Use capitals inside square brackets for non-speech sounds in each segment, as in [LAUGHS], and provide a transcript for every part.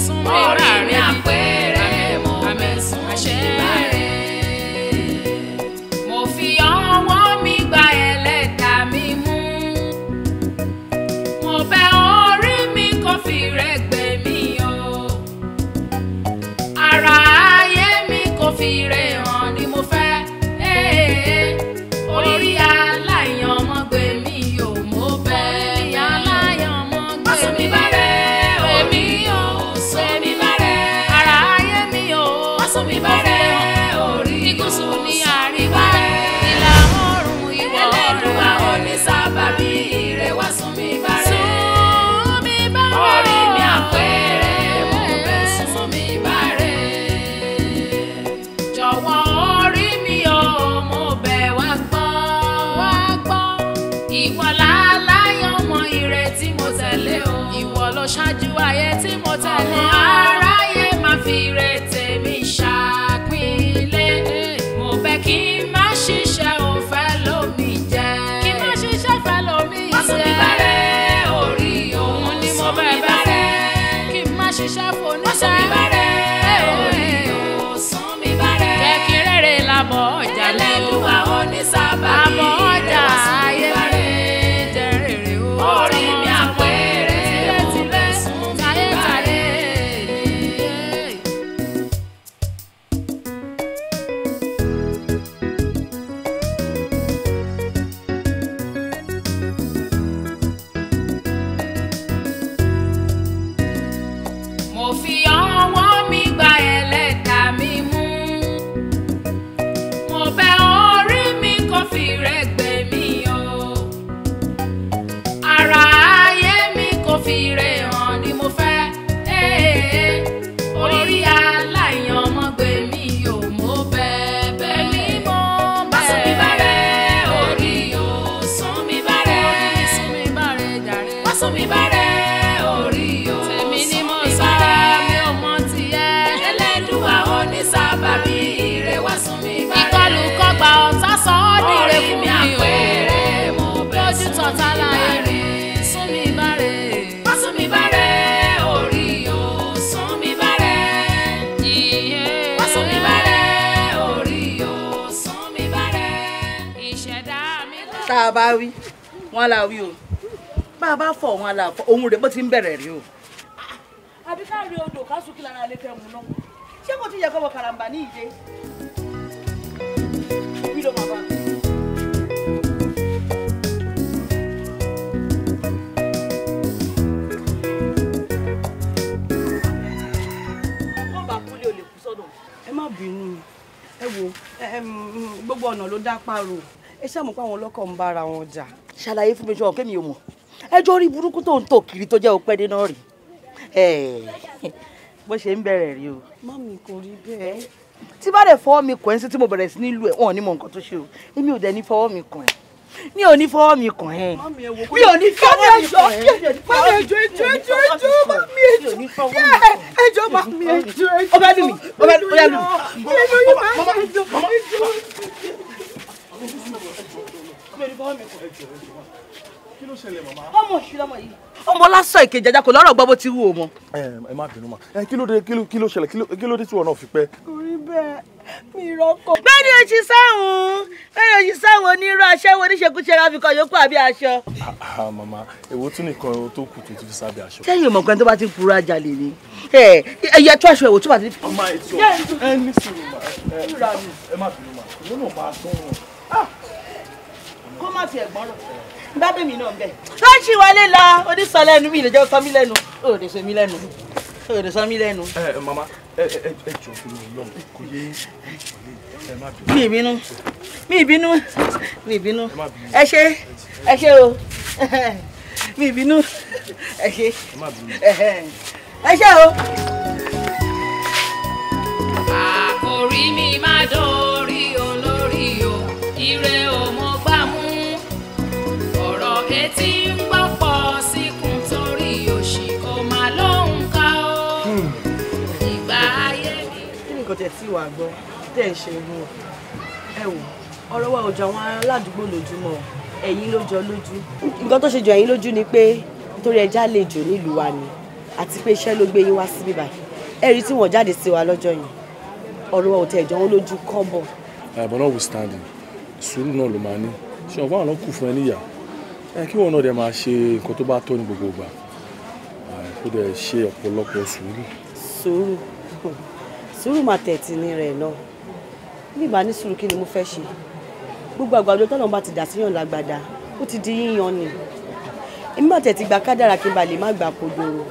ti sún mi láàrin quiet ohun rẹ̀ bó ti ń bẹ̀rẹ̀ rí o. àbí ká rí odò ká sùn kí lára alẹ́ fẹ́ mu náà ṣé kò ti yẹ kọ́ wọ kàràǹbà ní ìdè. wí ló máa bá mi. ẹ má bínú ẹ wo gbogbo ọ̀nà ló dá páàrọ̀ ẹ ṣàmùpá àwọn ọlọ́kọ̀ ń bára wọn jà. ṣàlàyé fún mi ṣọ́ kémi ò mọ̀ ẹjọ́ orí burúkú tó ń tò kiri tó jẹ́ òpẹ́ dénà rí bó ṣe ń bẹ̀rẹ̀ rí o. mọ́mì kò rí bẹ́ẹ̀. tí bá dẹ̀ fọwọ́ mi kàn ẹ́ sí tí mo bẹ̀rẹ̀ sí nílùú ẹ̀ wọ́n ní mọ nǹkan tó ṣe o èmi ò dẹ̀ ní fọwọ́ mi kàn ẹ́ mi ò ní fọwọ́ mi kàn ẹ́. mi ò ní fọwọ́ mi kàn ẹ́. mami ẹjọ́ ẹjọ́ ẹjọ́ ẹjọ́ mami ẹjọ́ ẹjọ́ mami ẹjọ́ ẹjọ́. ọbẹ̀ lumi ọbẹ̀ lumi. ẹjọ́ yìí máa ń ẹjọ́ ẹjọ́ kí ló ṣẹlẹ̀ màmá. ọmọ òṣù lọmọ yìí ọmọ lásán ìkejì ajá kò lọ́rọ̀ gbọ́ bó ti wù ó mọ. ẹ má bínú ma ẹ kí ló dé kí ló ṣẹlẹ̀ kí ló dé tí wọn náà fi pẹ́. kò rí bẹ́ẹ̀ mi rọ́kọ̀. bẹ́ẹ̀ni o ti sáwọn bẹ́ẹ̀ni o ti sáwọn onírú aṣẹ́wó oníṣekúṣe ra fi kan yòókù àbí aṣọ. màmá èwo tún nìkan tó kù tó ti fi sábẹ́ aṣọ. sẹ́yìn ìmọ̀ kan tó bá ti ń kúrò ajá lè ní ẹ̀yẹ tó aṣọ ẹ̀wò tó bá ti fi. ọmọ ètò ẹ ní sùúrù mà ẹ má bínú mà ìwọ náà máa tún wọn. Ah! kó má ti ẹ̀gbọ́n rẹ̀ bá bèmí náà bẹ̀. ṣọ́ọ̀ṣì wọlé lọ onísọ lẹ́nu mi ìlẹ̀jọ́ sọ mí lẹ́nu ó lè sọ mí lẹ́nu ó lè sọ mí lẹ́nu. ẹ mama ẹ jọ fún mi lọ kò yé ẹ má bínú. mi ìbínú mi ìbínú mi ìbínú ẹ ṣe ẹ ṣe o mi ìbínú ẹ ṣe ẹ ṣe o. àkòrí mi má dán orí olórí o ire o tí hmm. nǹkan tó ṣe jọ ẹ̀yin lójú ni pé nítorí ẹja lè jò nílùú wa ni àti pé iṣẹ́ ló gbé yín wá síbí báyìí ẹ̀rí tí wọ́n jáde sí wa lọ́jọ́ yìí ọ̀rọ̀ wa ò wọn lójú kọ́ bọ̀. àbọ̀nà withstanding sùúrù náà ló máa ní ṣé ọ̀fọ̀ àwọn kù fún ẹ níyà ẹ kí wọn náà dẹ máa ṣe nǹkan tó bá tó ní gbogbo ìgbà kó dẹ ṣe ọ̀pọ̀lọpọ̀ sùúrù. sùúrù sùúrù máa tẹ̀tì ní rẹ̀ náà bí ìbá ní sùúrù kí ni mo fẹ́ ṣe gbogbo àgbàdo tọ́lọ́run bá ti dà síyàn lágbàdá ó ti di yíyan ni èmi máa tẹ̀tì gba kádàrà kí n bà lè má gbà kodoro.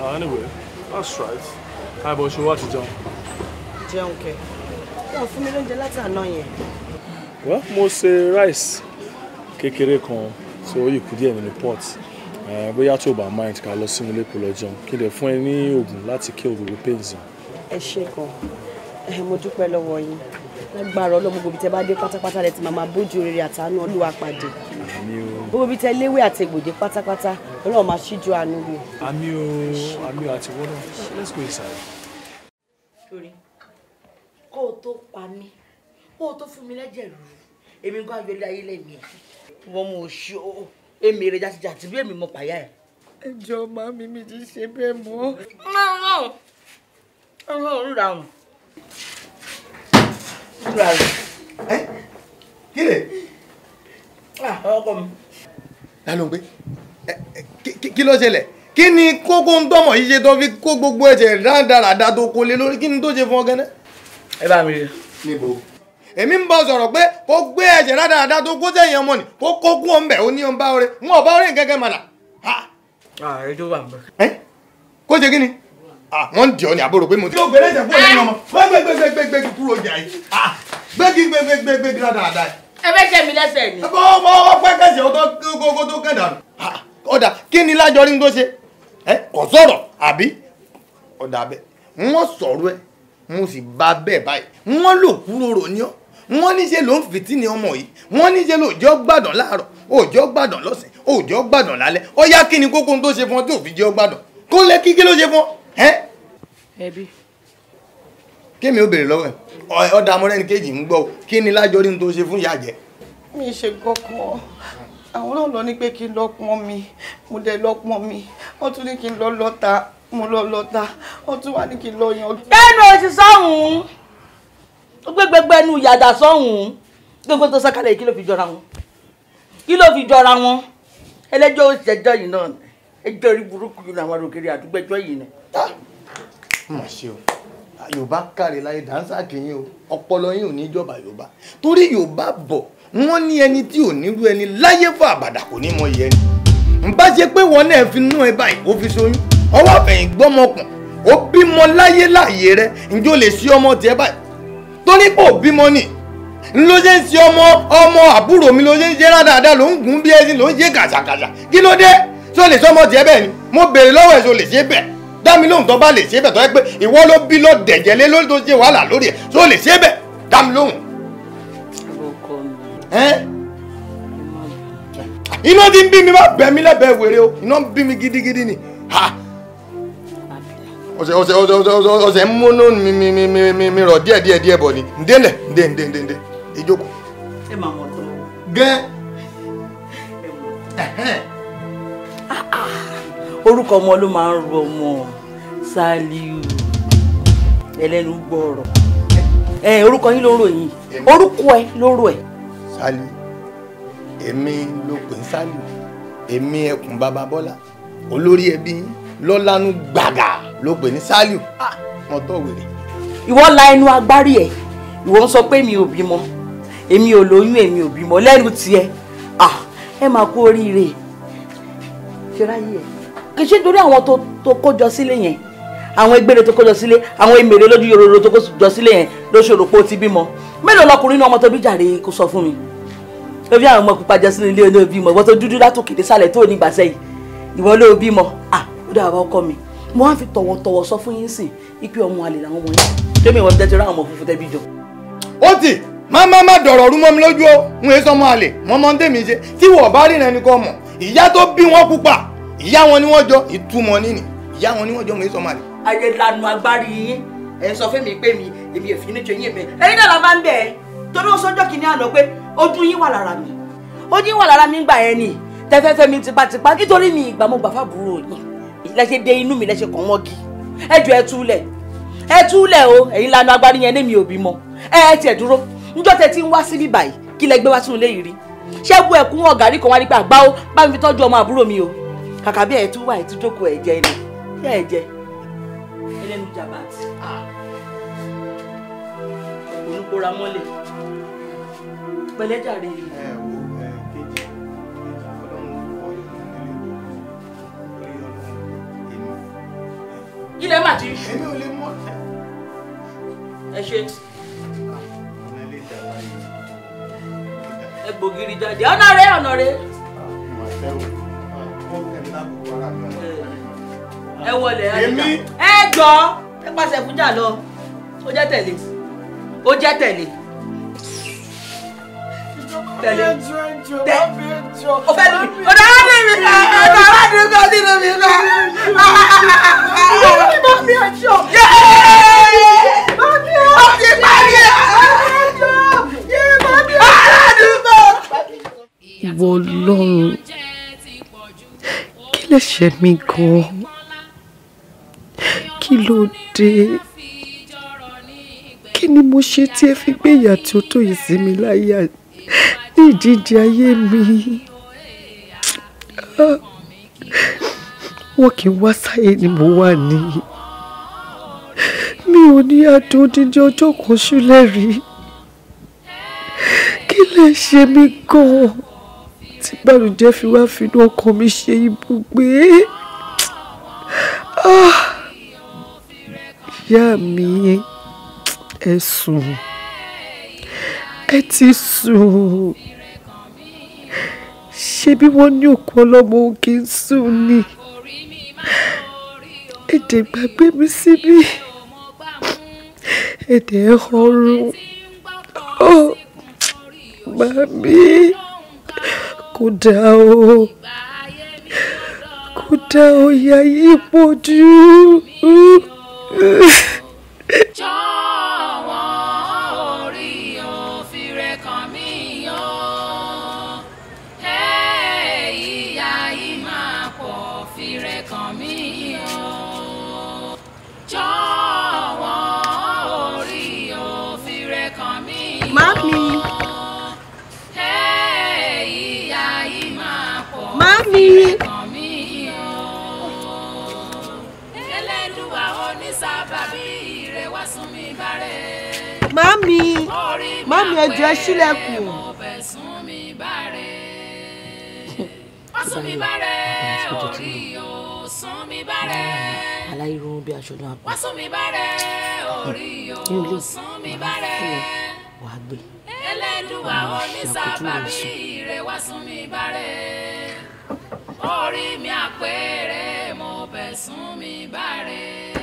Ah, anyway that's right káàbọ̀ ṣe wá ti jẹun. jẹun kẹ wọn fún mi lóúnjẹ láti àná yẹn. wọ́n mo ṣe rice kékeré kan tí ó yìí kú díẹ̀ nínú port bóyá tó bá mind ká lọ sínú ilé kó lọ jẹun kí lè fún ẹ ní oògùn láti kí òróró pains. ẹ ṣe gan mo dúpẹ́ lọ́wọ́ yín lágbára ọlọ́mọ gbogbo tẹ bá dé pátápátá lẹ ti máa bójú rere àtàánú olúwa pàdé gbogbo bí tẹ léwé àti ègbòdè pátápátá ọlọ́run máa ṣíjú àánú wò. àmì o àmì o àti wọ́n let's go inside. torí kó o tó pa mí kó o tó fún mi lẹ́jẹ̀ rú èmi gan ayọ̀lẹ̀ ayé lẹ́mìí wọ́n mú oṣù èmi rẹ̀ jàtijàti bí èmi mọ pàyà ẹ̀. ẹjọ màmí mi ti ṣe bẹ́ẹ̀ mọ́. ọlọ́run ń ra ọ̀run. rúra rẹ̀. ẹ kí lè. Ah, ọkọ mi. lálóńgbé kí ló ṣẹlẹ̀ kí ni kókó ń tọmọ yìí tó fi kó gbogbo ẹ̀jẹ̀ rádaràda tó kólé lórí kí ni tó ṣe fún ọ gánà. ẹ bá mi rí. níbo èmi ń bọ sọ̀rọ̀ pé kó gbé ẹ̀jẹ̀ dáadáa tó kó sẹ́yìn ọmọ nì kó kó kú ọmọbẹ̀ ó ní ọba ọrẹ wọn ọba ọrẹ gẹ́gẹ́ mọ̀nà. ààrẹ tó wà ń bẹ. kó ṣe kí ni wọ́n ń dì ọ́ ní àbúrò pé mo ti. yóò gbé lẹ́jẹ̀ fún ẹ̀yin ọmọ gbẹ́gbẹ́gbẹ́gbẹ́ kúrò jà yìí gbẹ́gbẹ́gbẹ́gbẹ́ dáadáa. ẹ bẹ jẹ mi lẹ́sẹ̀ ni. ọmọ ọmọ pẹ́kẹ́sì ọkọ̀ tó kẹ̀dà. ọ̀dà kí ni lájọrí ń tó ṣe kò sọ̀rọ̀ àbí ọ̀dà bẹ́ẹ̀ wọ́n sọ̀rọ̀ ẹ̀ mo sì bá bẹ́ẹ̀ báyìí wọ́n lò kúrò rò ní ọ́ wọ́n ní ṣe ló ń fìtí ni ọmọ yìí wọ́n ní ṣe lòjọ́ gbàdàn láàárọ̀ òjọ́ gbàdàn lọ́sìn òjọ́ gbàdàn lálẹ́ ó yá kí ni kókó tó ṣe fún ọ tí òfin jẹ́ gbàdàn kó lẹ́ kí kí ló ṣe fún ọ. ẹbí. kémi ó béèrè lọ́wọ́ ẹ̀ ọ̀dà amúrẹ́ni kejì ń gbọ́ o kí ni lájọ́ rí ní tó ṣe fún ìyá jẹ́. mi ṣe gọkàn àwọn náà lọ ní pé kí n lọ pọn mi mo dẹ lọ pọn mi wọn tún ní kí n lọ lọta mo lọ lọta wọn tún wá ní kí n lọ yan. bẹ́ẹ̀ ni òṣìṣẹ́ ọ̀hún ó gbé gbẹgbẹ ẹnu yàdà sọ́hùn-ún gbogbo tó sọ́kalẹ̀ kí ló fi jọra wọn kí ló fi jọra wọn ẹlẹ́jọ́ òṣìṣẹ́jọ́ yìí náà ẹjọ́ orí burúkú yìí làwọn òkèrè àdúgbẹ́jọ́ yìí ni. mà ṣe o yorùbá káre láyé dáńsá kìíní o ọpọlọ yín ò ní jọba yorùbá torí yorùbá bọ̀ wọ́n ní ẹni tí ò nírú ẹni láyé fún àbàdà kò ní mọ iye ẹni n bá ṣe pé wọn náà fi nú ẹ báyìí ó fi ṣoyún ọwọ́ àfẹ̀yìn gbọ́mọkùn ó bímọ láyé láàyè rẹ ǹjẹ́ lè ṣí ọmọ tiẹ̀ báyìí torí pò bímọ nì ló ṣe ń ṣe ọmọ ọmọ àbúrò mi ló ṣe ń ṣe rádáadáa ló ń gùn bí ẹṣin ló ń ṣe kàṣàkàṣà kí ló dé ṣó lè sọmọ tiẹ̀ bẹ́ẹ̀ ni mo béèrè lọ́wọ́ ẹ̀ ṣó lè ṣe bẹ́ẹ̀ dá mi lóhùn tó bá lè ṣe bẹ́ẹ̀ tó yẹ pé ìwọ ló bí lọ dẹ̀jẹ̀ lé lórí tó ṣe wàhálà lórí ẹ̀ ṣó lè ṣe bẹ́ẹ̀ dá mi lóhùn. iná ti ń bí mi má bẹ̀ mí lẹ́bẹ̀ẹ́ wèrè o iná ń bí mi gidigidi ni ha ọsẹ múnú mi rọ díẹ̀ díẹ̀ díẹ̀ bọ̀ ni ǹdẹ́ lẹ̀ ǹdẹ́ ìjókòó. ẹ máa mọ̀ tán. gẹ́ orúkọ ọmọ ló máa ń ru ọmọ Sàlíù ẹlẹ́nu gbọ́ọ̀rọ̀ ẹ orúkọ yín ló ń orúkọ ẹ ló ẹ. ló lanu gbàgà ló pè ní sálíù wọn tó wèrè. ìwọ la ẹnu agbárí ẹ ìwọ ń sọ pé mi ò bímọ èmi ò lóyún èmi ò bímọ lẹ́nu tiẹ̀ ah, ẹ máa kú oríire ṣeráyé ẹ kì í ṣe torí àwọn tó kójọ sílé yẹn àwọn egbére tó kójọ sílé àwọn emèrè lójú yoròrò tó kójọ sílé yẹn ló ṣòro pé ó ti bímọ mélòó lọkùnrin náà ọmọ tó bí jàre kó sọ fún mi ló fi àwọn ọmọ pupa jọ sínú ilé olóòbí mọ ìwọ tó dúdú látòkè dé tó ní gbàsẹ yìí ìwọ olóòbí mọ ah ó dàbà ọkọ mi mo wá fi tọ̀wọ̀tọ̀wọ̀ sọ fún yín sìn ipe ọmọ àlè làwọn ọmọ yẹn tẹ́mi ìwọ́n tẹ́tí ráwọn ọmọ funfun tẹ́bí jọ. ó ti má má má dọ̀rọ̀ rú mọ́ mi lójú o n èso ọmọ àlè mọ́ mọ́ tèmi ṣe tí wọ́n bá rìnrìn ẹni kọ́ mọ̀ ìyá tó bí wọn pupa ìyá wọn ni wọ́n jọ ìtumọ̀ nínì ìyá wọn ni wọ́n jọ mo èso ọmọ àlè. ayé lanu agbárí yín ẹ sọ fún mi pé mi èmi ò fi ní jẹ yín mi ẹ̀yin náà la máa ń bẹ ẹ torí ó sọjọ́ kìíní àná pé ojú yín wà lára mi ojú yín wà lára mi ń gbà ẹ nì tẹfẹfẹ mi tipátipá nítorí mi ìgbà mo gbà fábùrò yín lẹ́sẹ̀ dé inú mi lẹ́sẹ̀ kàn wọ́n gi ẹ jọ ẹ túlẹ̀ ẹ túlẹ̀ o ẹ̀yin lanu agbárí yẹn ní mi ò bímọ ẹ ẹ tiẹ̀ dúró níjọ́ tẹ ti ń wá síbí báyìí kí lẹ gbé wá sínú ilé yìí rí ṣé bú ẹkún ọ̀gárí kan wá nípa àgbá ó bá mi fi tọ́jú ọmọ àbúrò mi o kàkà bí ẹ tún wà ẹ tún jókòó ẹ jẹ ẹni ṣé ẹ jẹ ẹlẹ́nu jàmbá ti ah. olùkóra mọ́lẹ̀ pẹ̀lẹ́jà rèé. ilẹ̀ má ti ṣú. èmi ò lè mú ọ̀fẹ́. ẹ ṣe. ẹ gbògiri jáde ọ̀nà rẹ ọ̀nà rẹ. ẹ wọlé àyíká ẹ jọ ẹ pàṣẹ fújà lọ ó jẹ́ tẹ̀lé ó jẹ́ tẹ̀lé tẹ̀lé tẹ o fẹ́ lómi o dara de mi lọ o dara de mi lọ de mi lọ. Bá mi ẹjọ́. Bá mi ẹjọ́. Bá mi ẹjọ́. Ìwọ Ọlọ́run kí lè ṣe mí gan-an kí ló dé kí ni mo ṣe tí ẹ fi gbé ìyà tí ó tó yìí sí mi láyé àti ní ìdíje ayé mi wọ́n kì í wá sáyé ni mo wà ní mi ò ní adùn odindi ọjọ́ kan ṣúlẹ̀ rí kí lè ṣe mí gan tí bàlùjẹ́ fi wá finú ọkàn mi ṣe ibùgbé ah! ìyá mi ẹ̀sùn. Ah, ẹ ti sùn ṣebí wọ́n ní òkú ọlọ́mọ òkè ń sùn ni èdè gbàgbé mi síbí èdè ọrùn ó màmí kò dá o kò dá o yà yí pọ̀ jù. lọ jọ ẹ sílẹ̀kùn. aláìrún bí aṣọ náà pa ní ilé wàá gbé ẹlẹ́dùnwá onísàbàbí rẹ̀ wá sún mi bárẹ̀ orí mi àpẹẹrẹ mo bẹ̀ sún mi bárẹ̀.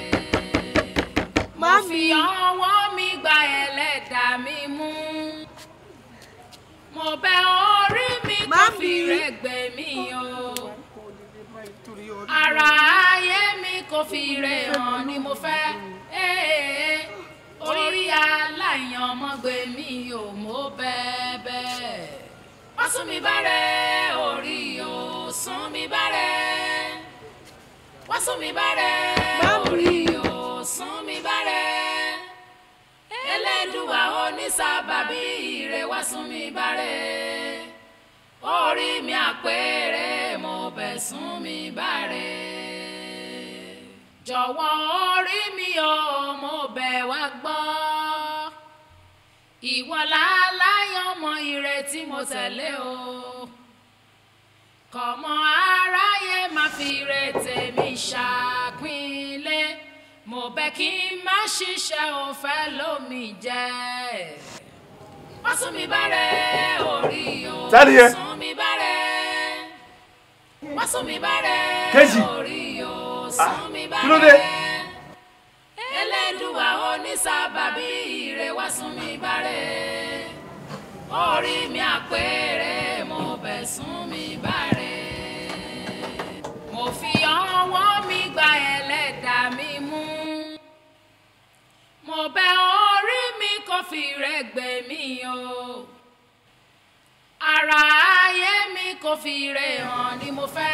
má fi ọwọ́. ọbẹ̀ orí mi kò fi rẹ̀gbẹ́ mi o ara ayé mi kò fi rẹ̀ hàn ni mo fẹ́ orí aláìyan ọmọgbé mi ò mọ̀ bẹ́ẹ̀bẹ́ ó sún mi bárẹ̀ orí ò sún mi bárẹ̀ wọ́n sún mi bárẹ̀ orí ò sún mi bárẹ̀ ẹlẹ́dùnwá onísábàbí ire wá sún mi bárẹ̀ orí mi àpèrè mo bẹ̀ sún mi bárẹ̀ jọ̀wọ́ orí mi ò mo bẹ̀ wá gbọ́ ìwọ láláyọ̀ ọmọ ìrètí mo tẹ̀lé o kọ̀mọ́ aráyé máa fi ìrètè mi ṣàpínlẹ̀ mo bẹ kí n má ṣiṣẹ́ òfẹ́ lómi jẹ́ wọ́n sún mi bárẹ̀ orí o wọ́n sún mi bárẹ̀ wọ́n sún mi bárẹ̀ orí o ah, sún mi bárẹ̀ elédùwà onísábàbí ire wọ́n sún mi bárẹ̀ orí mi àpèrè mo bẹ̀ sún mi bárẹ̀ mo fi ọwọ́ mi gbà ẹ́. ọbẹ̀ orí mi kò fi rẹ̀gbẹ́ mi o ara ayé mi kò fi rẹ̀ hàn ni mo fẹ́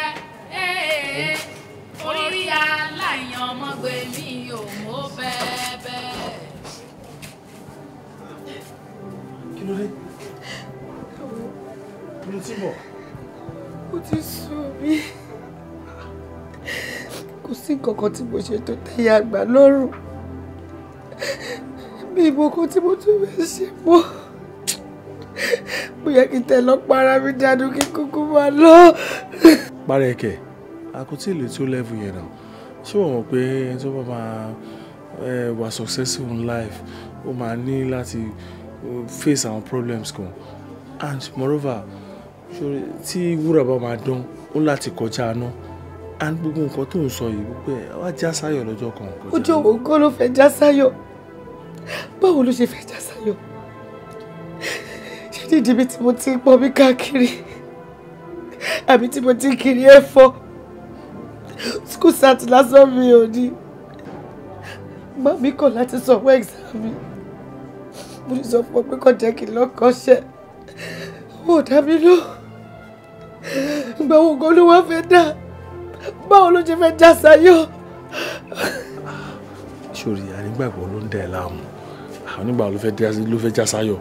orí aláìyan ọmọgbé mi ò mọ bẹ́ẹ̀ bẹ́ẹ̀. kí ló dé kí ló ti bọ̀. ó ti sùn mí kò sí nǹkan kan tí mo ṣe tó tẹ̀yà àgbà lọ́rùn mi ìbò kan tí mo tún fẹ́ ṣe mọ́ mo yẹ kí n tẹ̀lọ́ para mi dànù kí kúkú máa lọ. para ẹkẹ àkótí ìlú tí ó lẹ́bù yẹn náà ṣé wọ́n mọ̀ pé tó bá máa wà successful in life ó máa ní láti face àwọn problems kan and moreover tí wúrà bá máa dán ó láti kọjá náà and gbogbo nǹkan tó ń sọ yìí wípé wá já sáyọ̀ lọ́jọ́ kan. ojú òun kọ́ ló fẹ́ já sáyọ̀ báwo ló ṣe fẹ́ já sáyọ̀ ṣé dídí mi tí mo ti ń pọn mi káàkiri àbí tí mo ti ń kiri ẹ̀fọ́ school start lásán mi ò ní màmí kọ̀ láti sanwó exam mi mo ti sọ fún ọ pé kò jẹ́ kí n lọ́kàn ṣe wò dá mi lọ ìgbà gan ló wá fẹ́ dá báwo ló ṣe fẹ́ já sáyọ̀. sori ànígbàgbọ́ ló ń dẹ̀ láàmú onígbà ló fẹ́ já sáyọ̀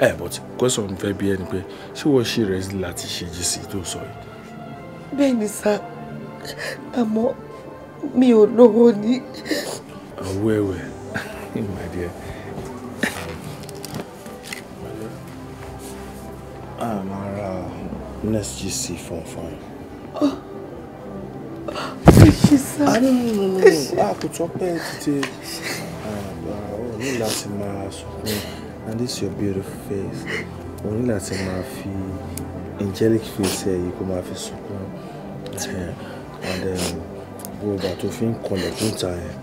ẹ but question fẹ́ bí ẹni pé ṣé wọ́n ṣe rẹ̀ láti ṣe jì sí tó sọ yìí. bẹ́ẹ̀ ni sá àmọ́ mi ò lówó ní. àwẹ̀wẹ̀ my dear. a máa ra next gc fún fún yìí. Ṣé sá? Àdúgbò nínú àkùtọ́ pẹ́ẹ́ ti tẹ ní láti máa sunkún and this your beautiful face o ní láti máa fi angelic face ẹ̀ yìí kó máa fi sunkún and bó o bá tó fi ń kọlẹ̀ tó ń ta ẹ̀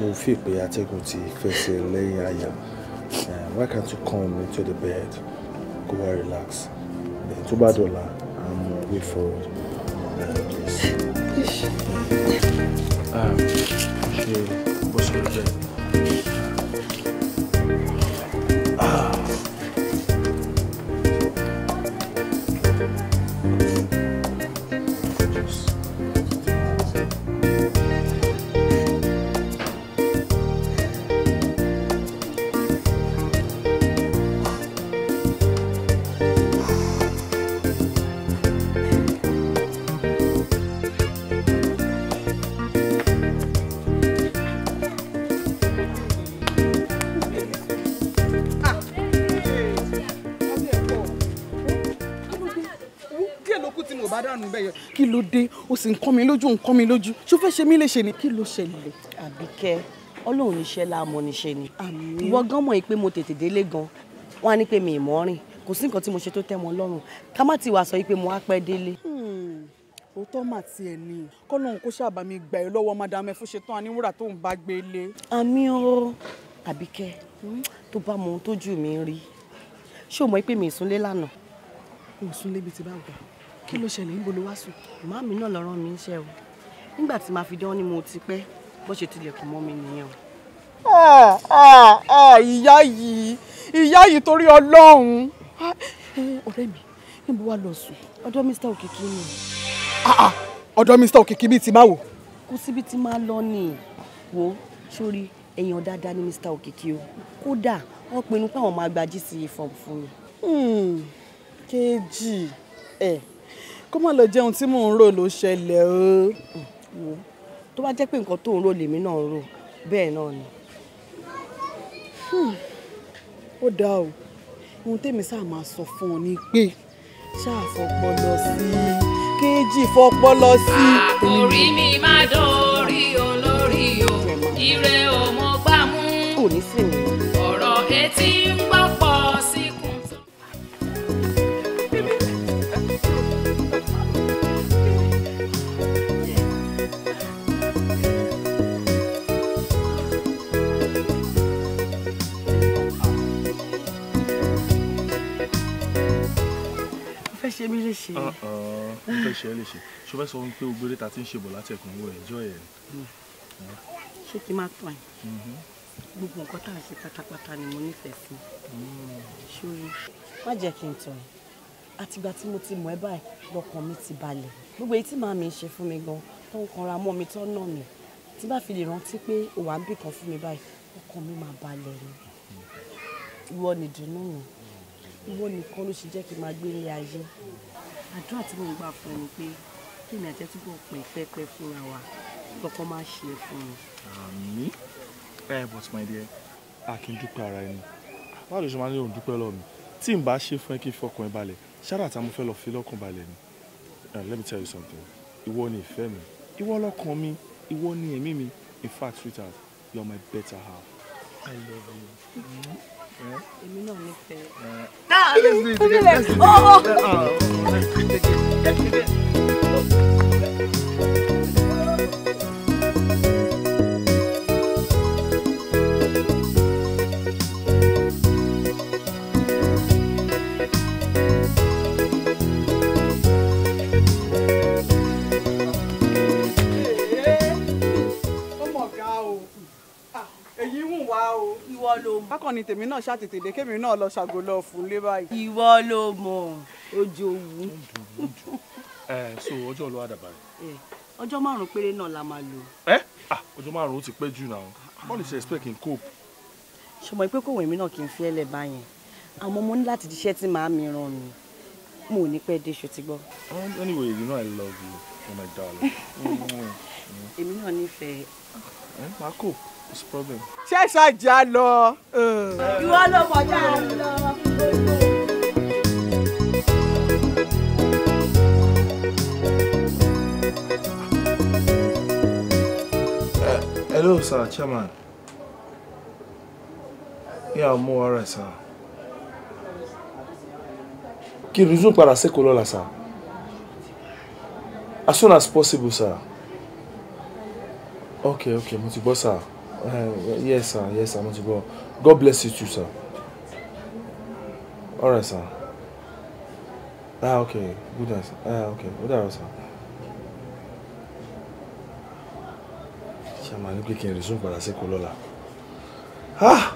mo fi pé atẹ́gùn ti fẹsẹ̀ lẹ́yìn àyà why can't you come into the bed go and relax tó bá dọ̀la i'm wait for you. Um, she, what's your name? kí ló dé o sì ń kọ́ mi lójú ń kọ́ mi lójú ṣó fẹ́ ṣe mí léṣe ni kí ló ṣẹlẹ̀. àbíkẹ́ ọlọ́run níṣẹ́ láàmú níṣẹ́ ni ìwọ gan mọ̀ pé mo tètè délé gan wọn á ní pé mi ì mọ́ rìn kò sí nǹkan tí mo ṣe tó tẹ́ wọn lọ́rùn ká má ti wàá sọ pé mo á pẹ́ délé. Hmm. òótọ́ mà ti ẹ̀ ní kọ́lọ́hún kó ṣàbà mi gbà ẹ́ lọ́wọ́ madam ẹ̀ fún ṣetán aníwúrà tó ń bá gbé lé. àmì o àbíkẹ́ tó bá mọ ohun tójú mi rí ṣé o mọ̀ pé mi ì súnlé lánàá. mi ì súnlé bíi ti bá gbà kí ló ṣẹlẹ̀ níbo ló wá sùn màá mi náà lọ́rọ́ mi ń ṣe o nígbà tí màá fi dán ni mo ti pẹ́ bó ṣe tilẹ̀kùn mọ́ mi nìyẹn o. ìyá yìí ìyá yìí torí ọlọ́run ah, ọ̀rẹ́ mi níbo wá lọ sùn ọ̀dọ̀ Mr. Òkìkí ni. ọ̀dọ̀ Mr. Òkìkí bíi ti báwo. kò síbi tí máa lọ ni wo sórí èèyàn dáadáa ni Mr. Òkìkí o kódà wọ́n pinnu pé àwọn máa gbajú sí i fún mi. Hmm, kejì ẹ̀. Eh kó má lọ jẹun tí mò ń rò ló ṣẹlẹ̀ o. tó bá jẹ́ pé nǹkan tó ń rò lèmi náà ń rò bẹ́ẹ̀ náà ni. Hmm, ó dáa o ohun tèmi sáà máa sọ fún ọ ni pé ṣáà fọpọlọ sí i kéjì fọpọlọ sí i. àkòrí ah, mi má dórí olórí o ire ọmọ gbámú ọ̀rọ̀ etí ń ṣe mí léṣe. n fẹ́ ṣe é léṣe ṣé o fẹ́ sọ wọn pé ogbére ta ti ń ṣe bọ̀ láti ẹ̀kún owó ẹ̀jọ́ ẹ̀. ṣé kí n máa tàn yín mm-hmm. gbogbo nǹkan tá à ń ṣe pátápátá ni mo nífẹ̀ẹ́ sí mm. ṣórí. má jẹ́ kí n tàn yín àtìgbà tí mo ti mọ̀ ẹ́ báyìí lọ́kàn mi ti balẹ̀ gbogbo èyí tí màá mi ṣe fún mi gan tó ń kanra mọ́ mi tó nà mí tí bá fi lè rántí pé òwà ń bì fún mi báyìí ọkàn mi máa balẹ̀ ni mm. ìwọ nìdùnnú mi ìwọ nìkan ló ṣe jẹ́ kí n máa gbé ilé ayé àdúrà tí mo gbà fún ẹ ni pé kí ni àjẹ́ túbọ̀ pẹ́ pẹ́pẹ́ fúnra wa kọ́kọ́ máa ṣe é fún mi. àmì ẹ but my dear a kì í dúpẹ́ ara ẹni báwo ló ṣe máa ń lérò dúpẹ́ lọ́ọ̀ mi tí n bá ṣe fún ẹ kí n fọkàn ẹ balẹ̀ ṣáàdà tá mo fẹ́ lọ fi lọ́kàn balẹ̀ ni let me tell you something ìwọ ni ìfẹ́ mi ìwọ lọ́kàn mi ìwọ ni ẹ̀mí mi in fact sweetheart you are my better half i love you. Mm -hmm. Eh? èmi náà nífẹ̀ẹ́. náà eh, ah, let's do it let's do it oh. ni tèmi náà ṣàtètè dé kémi náà lọ ṣàgò fún lé báyìí. ìwọ ló mọ ojú òwú. so ọjọ́ ló wá dàbà rẹ̀. ọjọ́ márùn-ún péré náà la máa lò. ẹ ah, ọjọ́ márùn-ún ó ti pẹ́ jù náà all is expect in cope. ṣùgbọ́n pé kò wẹ̀ mí náà kì í fi ẹlẹ̀ báyẹn àmọ́ mo ní láti ṣiṣẹ́ tí màá mi ràn mí mo ò ní pẹ́ dé ṣo ti gbọ́. anyway you know I love you my darling. [LAUGHS] èmi náà nífẹ̀ẹ́. ẹ máa kò. What's the problem? ṣé ṣàjà lọ. ìwọ ló kọjá lọ. Eh, hello, sir, chairman. Yeah, I'm all right, sir. Kí resume padà sẹ́kọ̀ọ́ lọ́la, sir. As soon as possible, sir. Okay, okay, mo ti sir. Uh, yes, sir. Yes, sir. want to go. God bless you too, sir. All right, sir. Ah, okay. Good night, sir. Ah, okay. Good night, sir. Ṣé look, máa ní pé kí n resume padà sí kò lọ́la? Ah!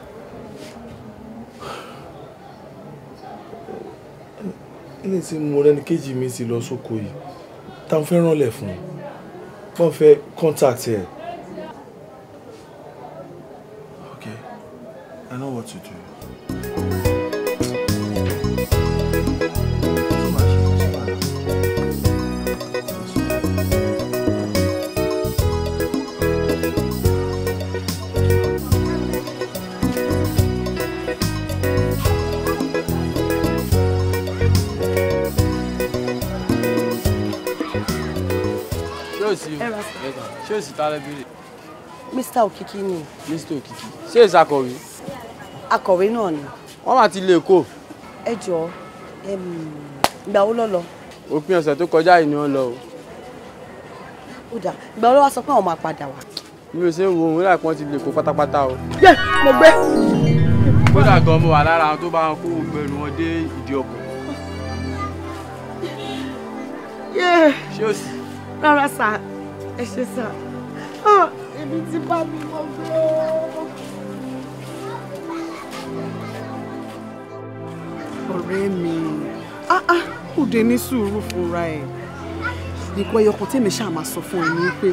ilé tí mo rẹ́ni kejì mi ti lọ sóko yìí táwọn fẹ́ ránlẹ̀ fún un fẹ́ contact ẹ̀. I know what to do. Mr. Okiki Mr. Okiki ṣé ìsakọ̀wé akọ̀wé náà ni. wọ́n máa ti lè kó. ẹ jọ ìgbà wo lọ òpin ọ̀sẹ̀ tó kọjá yìí ni wọ́n lọ o. ó dà ìgbà wo ló wá sọ pé àwọn máa padà wá. mi ò ṣe ń wo òun láì pọ́n ti lè kó pátápátá o. yẹ mo gbé. kódà gan mo wà lára àwọn tó bá wọn kó gbẹnu wọn dé ìdí ọkọ̀. ṣé o sì. rárá sá ẹ ṣe sá èmi ti bá mi mọ gbé ọ̀rẹ́ mi òde ah, ah, ní sùúrù fúnra ẹ̀ nǹkan ẹyọkàn tèmi ṣáà máa sọ fún ẹ ní pé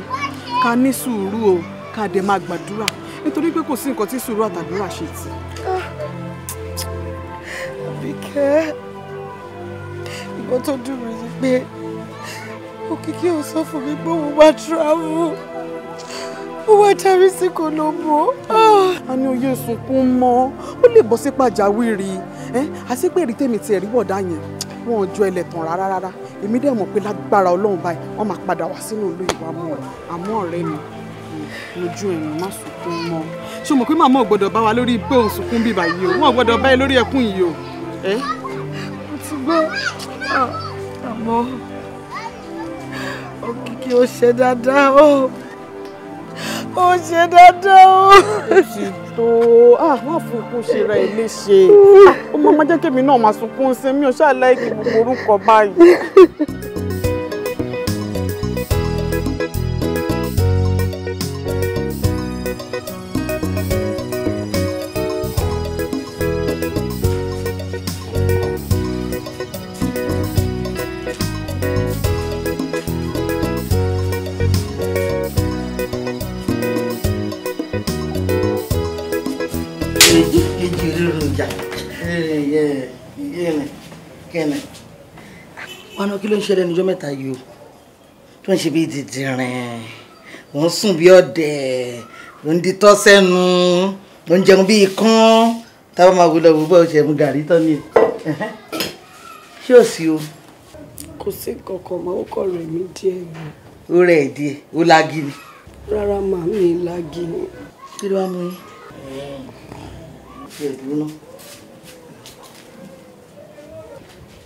ká ní sùúrù o ká dẹ̀ máa gbàdúrà nítorí pé kò sí nǹkan tí sùúrù àtàdúrà ṣe tì. Ah, Àbíkẹ́ nǹkan tó dùn mí ni pé Òkìkí ò sọ fún mi pé òun wá travel ó wá darí sí Kolombo. a ní oyè sunkún mọ́ ó lè bọ́ sí pàjáwìrì àti pé èrè tèmi tiẹ̀ rí bọ̀dá yẹn wọn ò jọ ẹlẹ́tàn rárá rárá èmi dẹ̀ mọ̀ pé lágbára ọlọ́run báyìí wọ́n máa padà wá sínú ìlú ìwà mọ́ àmọ́ ọ̀rẹ́ mi lójú ẹ̀yìn má sunkún mọ́ ṣé o mọ̀ pé màmá ò gbọ́dọ̀ bá wa lórí pé òun sunkún bí báyìí o wọn ò gbọ́dọ̀ bá ẹ lórí ẹkún yìí o. mo ti gbọ́ àmọ́ òkìkí ó ṣe dáadáa ó ṣe dáadáa o tó ah má fún ikú ṣe ra ẹ léṣe ó máa má jẹ́ kémi náà máa sunkún sí mi ò ṣáà láìkí gbogbo orúkọ báyìí. kẹ́mi wọn náà kí ló ń ṣẹlẹ̀ níjọ́ mẹ́ta yìí o tó ń ṣe bíi dìdìrín òun sùn bíi ọ̀dẹ̀ òun di tọ́ sẹ́nu òun jẹun bíi kán tábà máa wúlọ wúbọ̀ ṣe mu gàrí tán ni ṣé ò sí o. kò sí kankan máa ó kọ rẹ̀ mí díẹ̀ ni. ó rẹ̀ díẹ̀ ó lági ni. rárá màá mi lági ni. kí ló wá mú yín. ṣe ìdúró náà.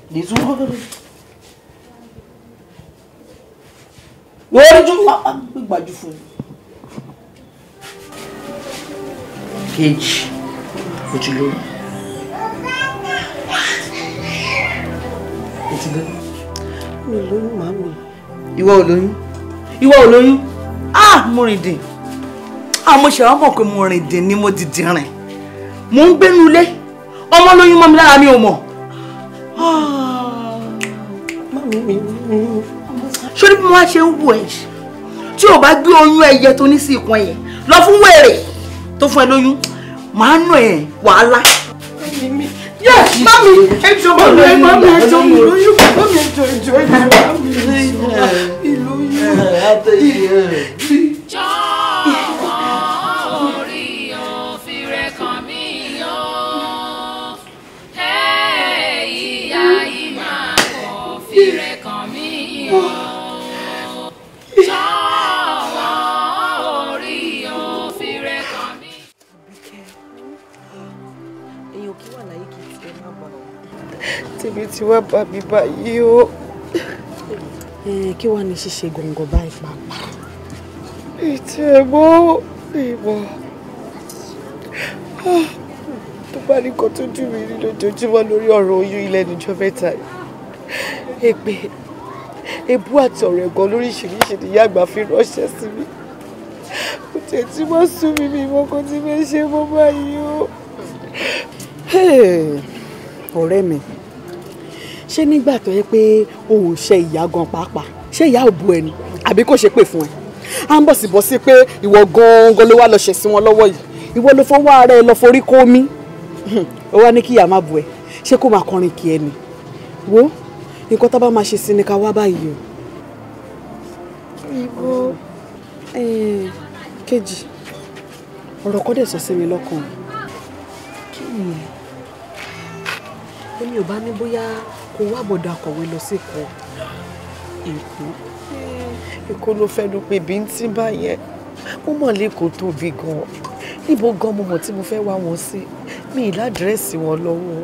This one. Lórí jù wá gbígbàjú fún mi. Kejì ojúlówó. O ti lóyún. Mi ò lóyún màámi. Ìwọ ò lóyún. Ìwọ ò lóyún. Ah! Mo rìn dìn. Àmọ́ ṣe wọ́n mọ̀ pé mo rìn dìn ni mo dìdì rìn. Mo ń gbénu ilé. Ọmọ lóyún mọ́ mi lára mi ò mọ̀. sórí bí wọ́n ṣe ń wù ẹ́ tí o bá gbé oyún ẹyẹ tó ní sí ikùn ẹ̀yẹ lọ fún wèrè tó fún ẹ lóyún màá nù ẹ̀ wàhálà. Yes, mami, ẹjọ mami, mami, ẹjọ mi lóyún, mami, ẹjọ ẹjọ ẹjọ mami, ìlóyún, ìlóyún. ti wá bá mi báyìí o. [LAUGHS] Eh, kí wàá ní ṣíṣe gọ̀ǹgọ̀ báyìí pàápàá. ètò ẹ̀mọ́ ìmọ̀ ah, tó bá ní kan tó jù mí rí lójoojúmọ́ lórí ọ̀rọ̀ oyún ilẹ̀ níjọ́ mẹ́ta èpè ebú àti ọ̀rọ̀ ẹ̀gàn lóríṣiríṣi nìyá àgbà fi ránṣẹ́ sí mi kò tẹ̀ tí wọ́n sún mi mi mọ́ kó tí fẹ́ ṣe mọ́ báyìí o. ọ̀rẹ́ mi ṣé nígbà tó yẹ pé o ò ṣe ìyá gan pàápàá ṣé ìyá ò bu ẹni àbí kò ṣe pè fún ẹ à ń bọ̀sibọ̀sí pé ìwọ gangan ló wá lọ ṣẹ̀ sí wọn lọ́wọ́ yìí ìwọ ló fọwọ́ ara ẹ lọ forí kó mi [LAUGHS] ó wá ní kí ìyá má bu ẹ ṣé kó máa kọrin kí ẹ ni wo nǹkan tá a bá máa ṣe sí ni ká wá báyìí o. ìbò kejì ọ̀rọ̀ kọ́ sọ sí mi lọ́kàn. kí ni èmi ò bá ní bóyá kó wá bọ̀dà kọ̀wé lọ sí Èkó Èkó eh, Èkó ló fẹ́ ló pé bíntí báyẹn mo mọ̀ lẹ́kọ̀ọ́ tóbi gan-an níbo gan mo mọ̀ tí mo fẹ́ wá wọn sí mi ì ládírẹ́sì wọn lọ́wọ́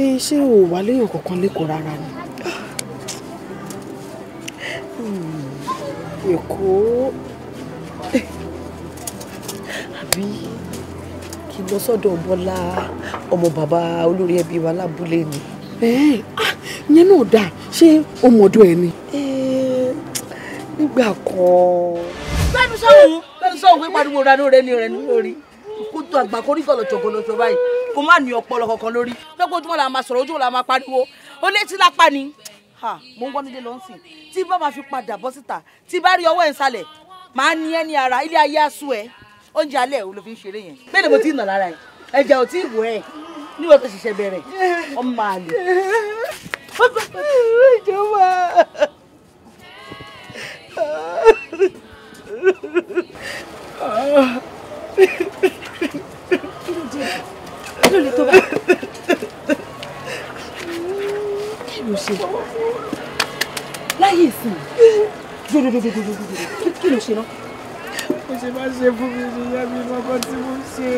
ẹ eh, ṣé o wà léèyàn kankan lẹ́kọ̀ọ́ rárá ni. Hmm, Èkó eh, àbí kí n lọ sọ́dọ̀ Bọ́lá ọmọ bàbá olórí ẹbí wa lábúlé ni. ìyẹn náà dáa ṣé o mọ̀ ọdún ẹ ni. nígbà kan. bẹ́ẹ̀ni sọ̀rọ̀ bẹ́ẹ̀ni sọ̀rọ̀ pé pariwo ra lóore ni rẹ̀ ní orí kó tó àgbà kó rí gọ̀lọ̀ jọ̀gọ̀lọ̀ báyìí kó má ní ọpọlọ kankan lórí lọ́pọ̀ ojúmọ́ la máa sọ̀rọ̀ ojúmọ́ la máa pariwo ó létí lápá ni mo ń gbọ́ nílé lọ́nsìn tí bá máa fi padà bọ́ síta tí bá rí ọwọ́ ẹ̀ ń salẹ̀ máa ní ẹ́ ní ara ilé ayé àsù ẹ̀ oúnjẹ alẹ́ ò ló fi ń ṣeré yẹn bẹ́ẹ̀ ni mo ti ń nà lára ẹ̀ ẹ̀jẹ̀ ò tí ì wọ̀ ẹ̀ níwọ̀n tó ṣẹ̀ṣẹ̀ bẹ̀rẹ̀ ọmọ àlè. ìjọba kí ló lè tó bá kí ló ṣe láyé ìsìn dododododododo kí ló ṣe náà mo ṣe máa ṣe fún mi nìyẹn mi mọ́kọ́ tí mo ṣe.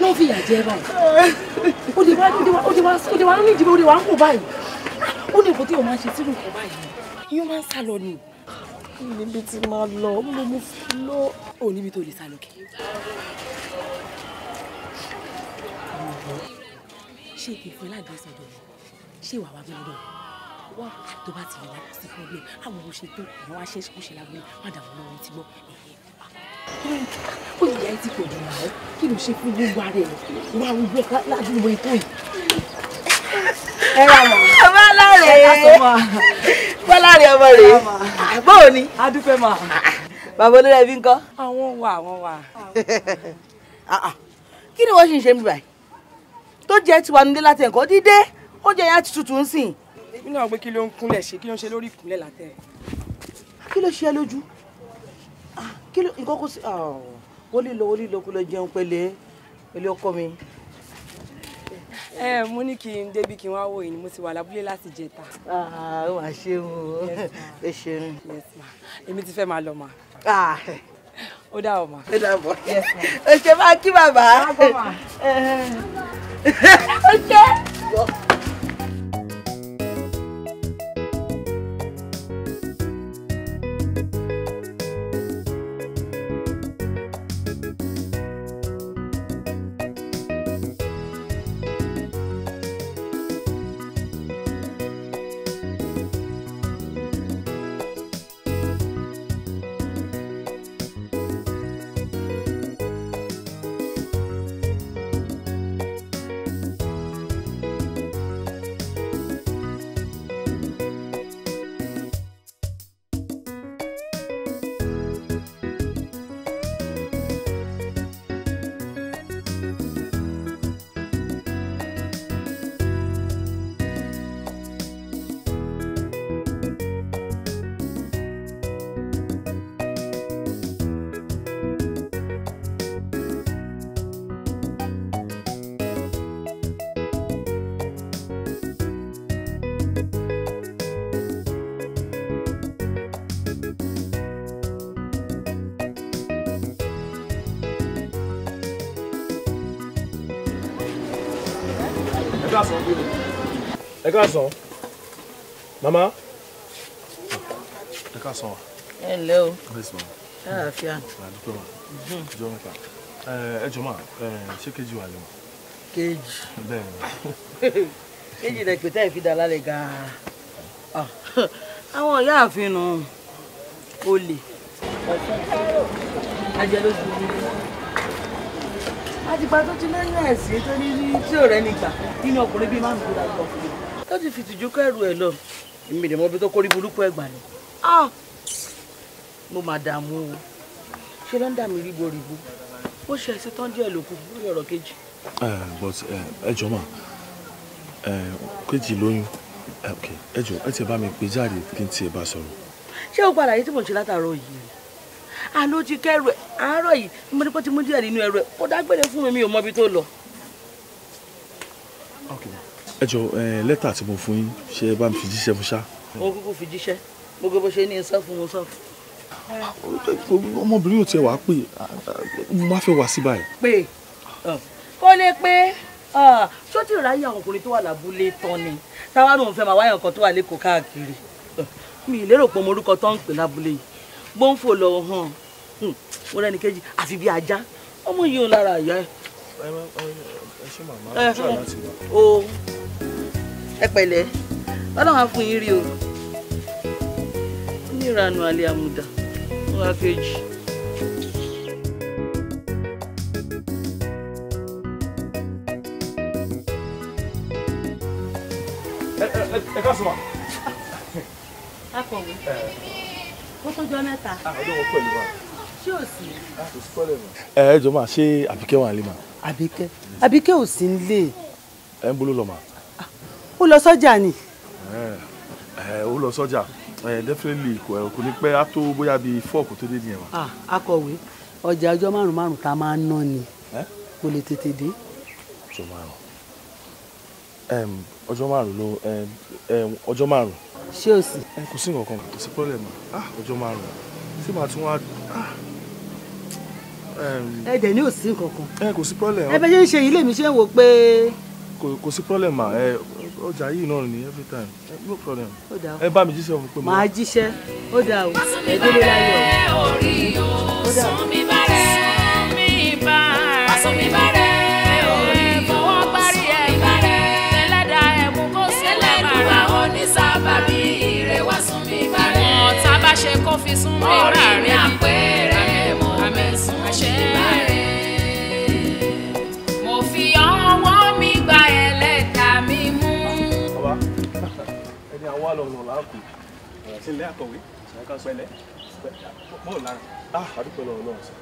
ló fi ìyà jẹ báyìí ó di wá ó di wá ó di wá ní ìdìbò ó di wá ń kó báyìí ó ní nǹkan tí òun máa ṣe sínú nǹkan báyìí yóò máa ń sá lọ ni. níbi tí màá lọ mo mú fi lọ. ò níbi tó lè sá lọ kí. ṣé kì fún ẹ láì bẹ́ẹ̀ mi ṣé ìwà wa gbọ́dọ̀ mi wá tó bá ti lè wá sí fún mi àwọn bó ṣe tó àwọn aṣẹ́ṣe kó ṣe lágbo ní wàdà lọ́wọ́ ti gbọ́ ó yẹ ẹ ti pè mí náà kí ló ṣe fún gbogbo ara ẹ wá rúgbẹ ládùúgbò ètò yìí. ẹ rà mọ ọmọ aláàrẹ bọ́láàrẹ ọmọ rẹ báwo ni. a dúpẹ́ mà. bàbá olórí ẹbí ńkọ́. àwọn wà àwọn wà. Ah, ah. kí ni wọ́n ṣì ń ṣe níbàyí tó jẹ́ tiwa nílé láti ẹ̀kọ́ dídé ó jẹ́ yá tutù ń sìn. nínú àwọn pé kí ló ń kúnlẹ̀ ṣe kí ló ń ṣe lórí ìkúnlẹ̀ látẹ̀. kí ló ṣe ẹ lójú kí ló nǹkan kó sí wọ́n ah, lílọ wọ́n lílọ kó lọ jẹun pẹ̀lẹ́ pẹ̀lẹ́ ọkọ mi. ẹ mo ní kí n débi kí n wá wò yìí ni mo ti wà lábúlé láti jẹta. Ah, ó mà ṣe o ẹ ṣeun. èmi ti fẹ́ máa lọ mà. Ah. ó dà ọ̀ mà. ó dà bọ̀ ẹ ṣe máa kí bàbá. ó ṣe. káàsán mama ẹ káàsán wa. ẹ ǹlẹ́ o àlàáfíà. àdúpẹ́ wa jọ mẹ́ta ẹ jọ máa ṣé kejì wà lẹ́wọ̀n. kejì bẹ́ẹ̀ [LAUGHS] kejì rẹ̀ pé táyì fi dà lálẹ́ gan-an àwọn ìyá àfin nù olè ajẹlójú mi àtìgbà tó ti lẹ́yìn ẹ̀sìn tó ní tí ò rẹ́ nígbà nínú ọkùnrin bíi máa ń gbọ́dọ̀ gbọ́ fún mi tó ti fi tìjú kẹrù ẹ lọ èmi lè mọ ibi tó kórí burúkú ẹ gbà ni ah! mo máa dààmú o ṣe ló ń dà mí ríboríbo ó ṣe ẹsẹ tán díẹ̀ lókù lórí ọ̀rọ̀ kejì. Eh, but eh, ẹ jọ mà eh, kejì lóyún ẹ jọ ẹ ti bá mi pè jáde kí n tiẹ̀ bá sọ̀rọ̀. ṣé o gbàdá yìí tí mò ń ṣe látàárọ̀ yìí àná ti kẹrù ẹ àárọ̀ yìí mo ní pé tí mo díẹ̀ nínú ẹrù ẹ kó dágbére fún mi mi ò mọ ibi tó lọ. okay ẹ jọ lẹ́tà tí mo fún yín ṣe é bá mi fi jíṣẹ́ fún ṣá. mo kúkú fi jíṣẹ́ gbogbo bó ṣe ní sá fún mo sọ fún. ọmọbìnrin ò tiẹ̀ wá pè mo máa fẹ́ wá sí báyìí. pé kó lè pé ṣó tí ìráyè àwọn ọkùnrin tó wà lábúlé tán ni táwa lòun fẹ́ máa wáyàn kan tó wà lẹ́kọ̀ọ́ káàkiri mi ì lérò pé mo orúkọ tó ń pè lábúlé yìí gbóǹfò lọ hàn mo rẹ́ni kejì àfi bí ajá ọmọ yìí ò lára àyà ẹ. ẹ ṣe màmá ọjọ́ àláti wà. Epele, ọ ọlọ́run á yín rí o níranu alẹ́ àmúdà wọn á ẹ ká tó jọ ah, ọjọ́ pẹ̀lú wa. o sì. Ah, ẹ ẹ jọ máa ṣe àbíkẹ́ wà lè mà. àbíkẹ́ àbíkẹ́ ò sí ẹ lọ ó lọ sọ́jà ni. Eh, eh, ó lọ sọ́jà eh, definitely kò ní pẹ́ á tó bóyá bíi fọ́ọ̀kù tó dé nìyẹn wa. Ah, akọ̀wé ọjà ọjọ́ márùn-ún márùn-ún tá a máa ń ná ni kò lè tètè dé. ọjọ́ márùn-ún ọjọ́ márùn-ún ló ọjọ́ márùn-ún. ṣé o sì. kò sí nǹkan kan kò sí problem ah, ọjọ́ márùn-ún ṣé màá tún wá ah, ẹ dẹ̀ ní òsín kankan. ẹ kò sí problem. ẹ bẹ ṣe ń ṣe yìí lèmi ṣe ń wò pé. kò sí problem ma ọjà yìí náà ni every time eh, no problem ẹ bá mi jíṣẹ́ òun pé mo. màá jíṣẹ́ ó dà o ẹgbẹ́lẹ́ láyọ̀ ó dà o. sábàbí ire wá sún mi bàrẹ̀. ọ̀tá bá ṣe kó fi sún mi bàrẹ̀. orí mi àpẹẹrẹ mo fẹ́ sún mi bàrẹ̀. wá lọ ọ̀nà láàkú. ṣe ilé àkọ̀wé pẹ̀lẹ́ bọ́ọ̀ lára. àdúpẹ́ ah, lọ́wọ́ náà sọ.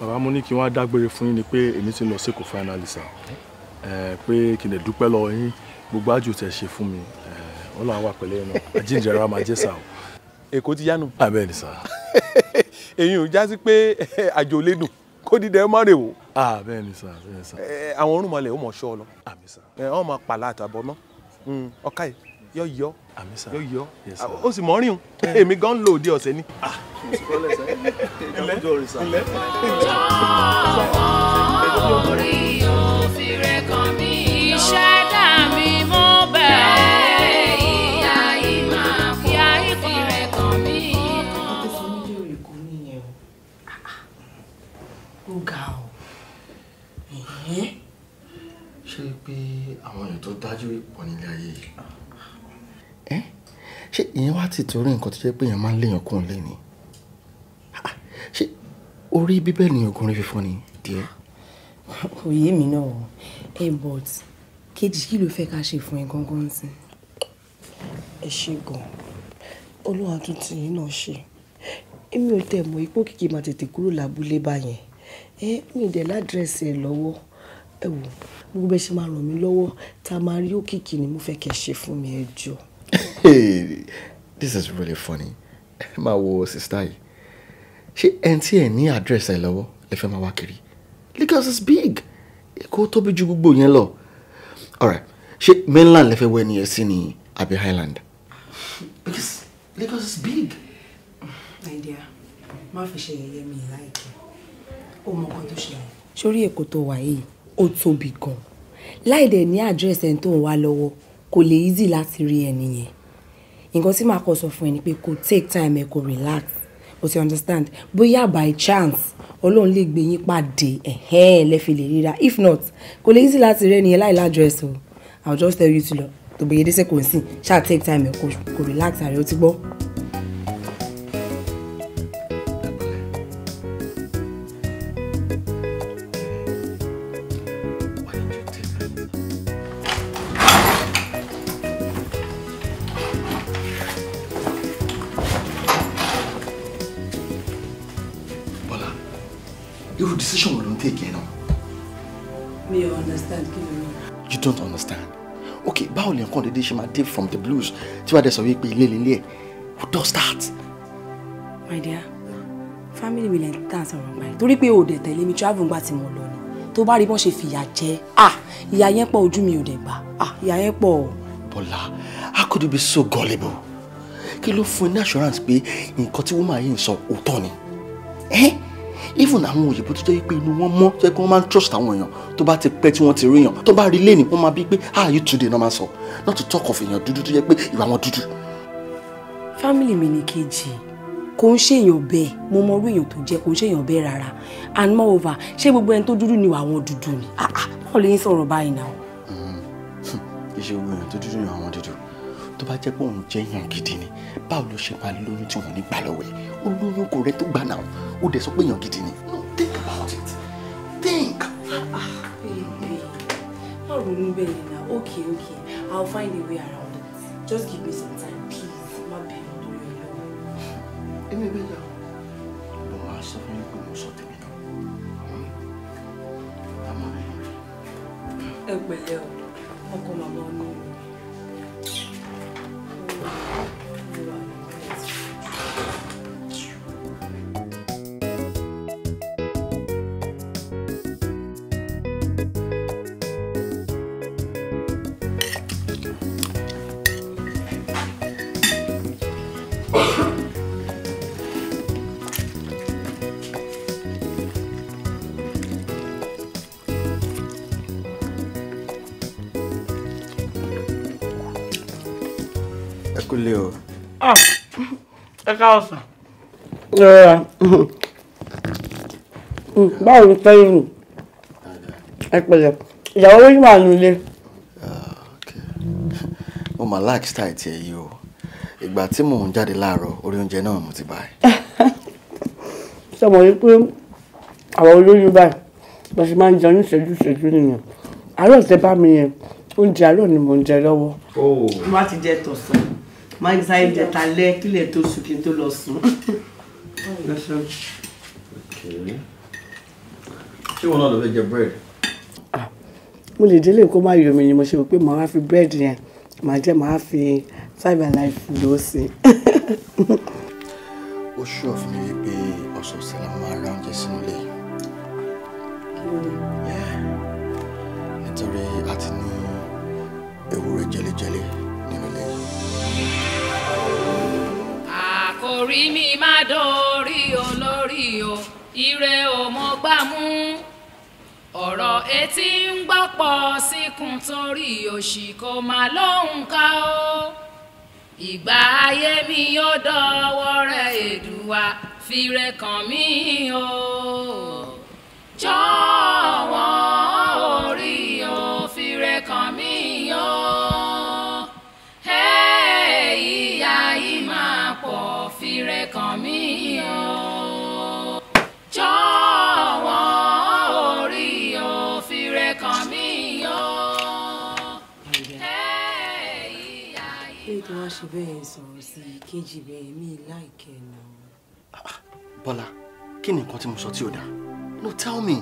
bàbá mo ní kí wọ́n á dágbére fún yín ni pé èmi ti lọ sẹ́kọ̀ọ́ finally sir pé kí n lè dúpẹ́ lọ́wọ́ yín gbogbo àjò tẹ̀ ṣe fún mi wọ́n làwọn wà pẹ̀lẹ́ yẹn náà àjíǹdẹ̀rẹ́ máa jẹ́ sà o. èkó ti yánu. abẹ́ ah, sà. [LAUGHS] èyí ò já sí pé [LAUGHS] àjò lè dùn kó dídẹ má rè wò. Ah, bẹ́ẹ̀ ni sà bẹ́ẹ̀ ni sà. àwọn orúnmọlẹ̀ ó mọ̀ ṣọ́ ọ lọ. àmì sà. wọ́n máa pàlà àtàbọ̀ mọ́ hmm, ọ̀ka yìí yọ yọ yọ yọ ó sì mọ́ rìn èmi gan lò dé ọ̀sẹ̀ ni. Ah. orí òfin rẹ̀ kàn mí iṣẹ́ dá mi mọ́ bẹ́ẹ̀ ìyá pé àwọn èèyàn tó dájú pọ̀ nílé ayé yìí ṣé ìyẹn wá ti torí nǹkan tó jẹ́ pé èèyàn máa ń léèyàn kún un lé ni ah, ah, ṣé orí bíbẹ́ ni oògùn orí fífọ́ ni díẹ̀. òye mi náà ẹ eh, but kejì kí ló fẹ́ ká ṣe fún ẹ gangan sí. ẹ ṣe gan olúwa tún ti yín náà ṣe èmi ò tẹ̀ mọ́ ipò kìkì máa tètè kúrò lábúlé báyẹn ẹ mi ì dẹ̀ ẹ lọ́wọ́ ẹ wò gbogbo ẹ ṣe máa ràn mí lọ́wọ́ tá a máa rí òkìkí ni mo fẹ́ kẹ́ ṣe fún mi ẹ jọ̀ọ́. Hey, this is really funny. Máa wo sista yìí. Ṣé any address ẹ ní àdírẹ́sì ẹ lọ́wọ́ lè fẹ́ máa wá kiri? Lagos is big. Èkó tóbi ju gbogbo yẹn lọ. Alright, ṣé mainland lè fẹ́ wọ ẹni ẹ sí ni àbí highland? Because Lagos is big. My dear, má fi ṣe yẹyẹ mi láìpẹ́. Ó mọ ọkọ tó ṣe. Sórí Èkó tó wà yìí, ó tóbi gan. Láìdẹ̀ ní àdírẹ́sì ẹni tó ń wá lọ́wọ́, kò easy láti rí ẹni nǹkan tí màá kọ sọ fún ẹ ni pé kò take time ẹ kò relax kò sí understand bóyá by chance ọlọ́run lè gbé yín pàdé ẹ̀hẹ́n lẹ́fi lè ríra if not kò lè easy láti rẹ́ nìyẹn láì ládrẹ́s o i will just tell you to lọ tòbẹ̀yẹdẹsẹ̀ kò ń sìn ṣáà take time ẹ kò relax ààrẹ ó ti gbọ́. ṣe máa from the blues tí wàá dẹ̀ sọ wípé ilé who does that. my dear family will lè ń tàn sọ̀rọ̀ gbà yìí torí pé o dẹ̀ tẹ̀lé mi travel gbà tí mo lọ ni tó bá rí bọ́n ṣe fìyà jẹ ah ìyà yẹn pọ̀ ojú mi ò dẹ̀ gbà ah ìyà yẹn pọ̀ o. Bọ́lá how could you be so gullible kí ló fún ẹ ní assurance pé nǹkan tí woman yìí ń sọ òótọ́ ni. Eh? even àwọn òyìnbó tó jẹ́ pé inú wọn mọ́ jẹ́ pé wọ́n máa ń trust àwọn èèyàn tó bá ti pẹ́ tí wọ́n ti rí èèyàn tó bá rí lẹ́ni wọ́n máa bí pé ah you today náà máa sọ not to talk of èèyàn dúdú tó jẹ́ pé ìwà wọn dúdú. family mi ni kejì kò ń ṣèyàn bẹ́ẹ̀ mo mọ orú èèyàn tó jẹ́ kò ń ṣèyàn bẹ́ẹ̀ rárá and moreover ṣé gbogbo ẹni tó dúdú ni àwọn dúdú ni ah ah báwo lè ń sọ̀rọ̀ báyìí náà. iṣẹ́ hmm. gbogbo èèyàn tó dúdú ni àwọn dúdú tó bá jẹ́ pé òun jẹ́ èèyàn gidi ni báwo ló ṣe máa lóyún tí wọ́n ní gbà lọ́wọ́ olórúkọ rẹ tó gbà náà ó dẹ̀ sọ pé èèyàn gidi ni. think about it think. Ah, má ronú bẹ́ẹ̀ yẹn náà okay okay I'll find a way around it just give me some time please má bẹ̀rẹ̀ lórí ọlọ́run. èmi bẹ́ẹ̀ yà mo máa sọ fún yín pé mo sọ tèmi náà hmm. àmọ́ ẹ pẹ̀lẹ́ o ọkọ màmá ọ ní. kú lé o. Ah, ẹ káàsán. báwo ni tẹ́yìn nù ẹ pẹ̀lẹ́ ìyàwó ló máa nù lé. mo máa like style tiẹ̀ yìí o ìgbà tí mò ń jáde láàárọ̀ orí oúnjẹ náà mo ti báyìí. sọmọ [LAUGHS] yìí pé àwọn olóyún báyìí bá ṣe máa ń jẹun níṣẹ́jú ìṣẹ́jú nìyẹn àárọ̀ tẹ bá mi yẹn oúnjẹ àárọ̀ ni mò ń jẹ lọ́wọ́. ó má ti jẹ tọ̀sán máa ń gba ẹ̀jẹ̀ talẹ́ kílẹ̀ tó sùn kí n tó lọ sùn. [LAUGHS] ṣé wọn náà lọ fẹ́ jẹ búrẹ́dì. mo lè délé kó má yomi ni mo ṣe rò pé màá wá fi búrẹ́dì yẹn màá jẹ́ màá fi cyber life lò ó sí. ó ṣú ọ̀fun mi wípé ọ̀sọ̀ọ̀sẹ̀ la máa ra oúnjẹ sínú ilé nítorí a ti ní ewúrẹ́ jẹlẹjẹlẹ. forí mi má dórí olórí o ire ò mọ gbà mú ọ̀rọ̀ etí ń gbọ́pọ̀ síkùn torí òṣì kò má lóhùn ká o ìgbà ayé mi yóò dọwọ́ rẹ̀ èdùwà fire kàn mí o jọ̀wọ́. bẹ́ẹ̀ sọ̀rọ̀ sí kejì bẹ́ẹ̀ mi láìkẹ́ náà. Ah, ah, Bọ́lá kí ni nǹkan tí mo sọ tí ò dáa no tell me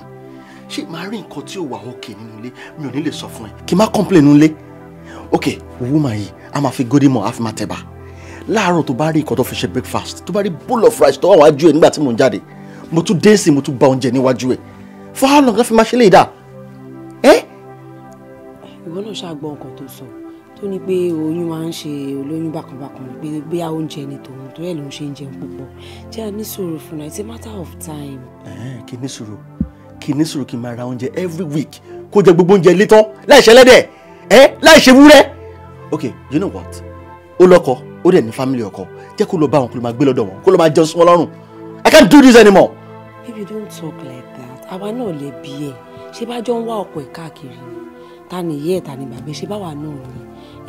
ṣé màá rí nǹkan tí ò wà òkè nínú ilé mi ò ní lè sọ fún ẹ kí n má complain nínú ilé ok woman yìí a máa fi gódìmọ̀ a fi máa tẹ̀ bá láàárọ̀ tó bá rí nǹkan tó fi ṣe breakfast tó bá rí bowl of rice tó wà wájú ẹ nígbà tí mò ń jáde mo tún dé sí mo tún bá oúnjẹ níwájú ẹ for how long la fi máa ṣe lè dà ẹ. ìwọ náà ṣàgbọ́n nǹkan tó sọ. So tó ní pé oyún máa ń ṣe olóyún bákanbákan pé bóyá oúnjẹ ni tòun tó yẹ lòun ṣe ń púpọ̀ jẹ́ àníṣòro fún ẹ it's a matter of time. kí ní sùúrù kí ní sùúrù kí n máa ra oúnjẹ every week kó jẹ gbogbo oúnjẹ ilé tán láìṣe ẹlẹ́dẹ̀ ẹ láìṣe wúrẹ́. ok you know what ó lọ́kọ ó dẹ̀ ní family ọkọ jẹ́ kó lọ bá wọn kó lọ máa gbé lọ́dọ̀ wọn kó lọ máa jẹun sí wọn lọ́rùn i can't do this anymore. baby don't talk like that àwa náà lè bí ẹ ṣé bá jọ ń wá ọkọ ẹ ta ni ìyá ẹ ta ni bàbá ẹ ṣe báwa náà ni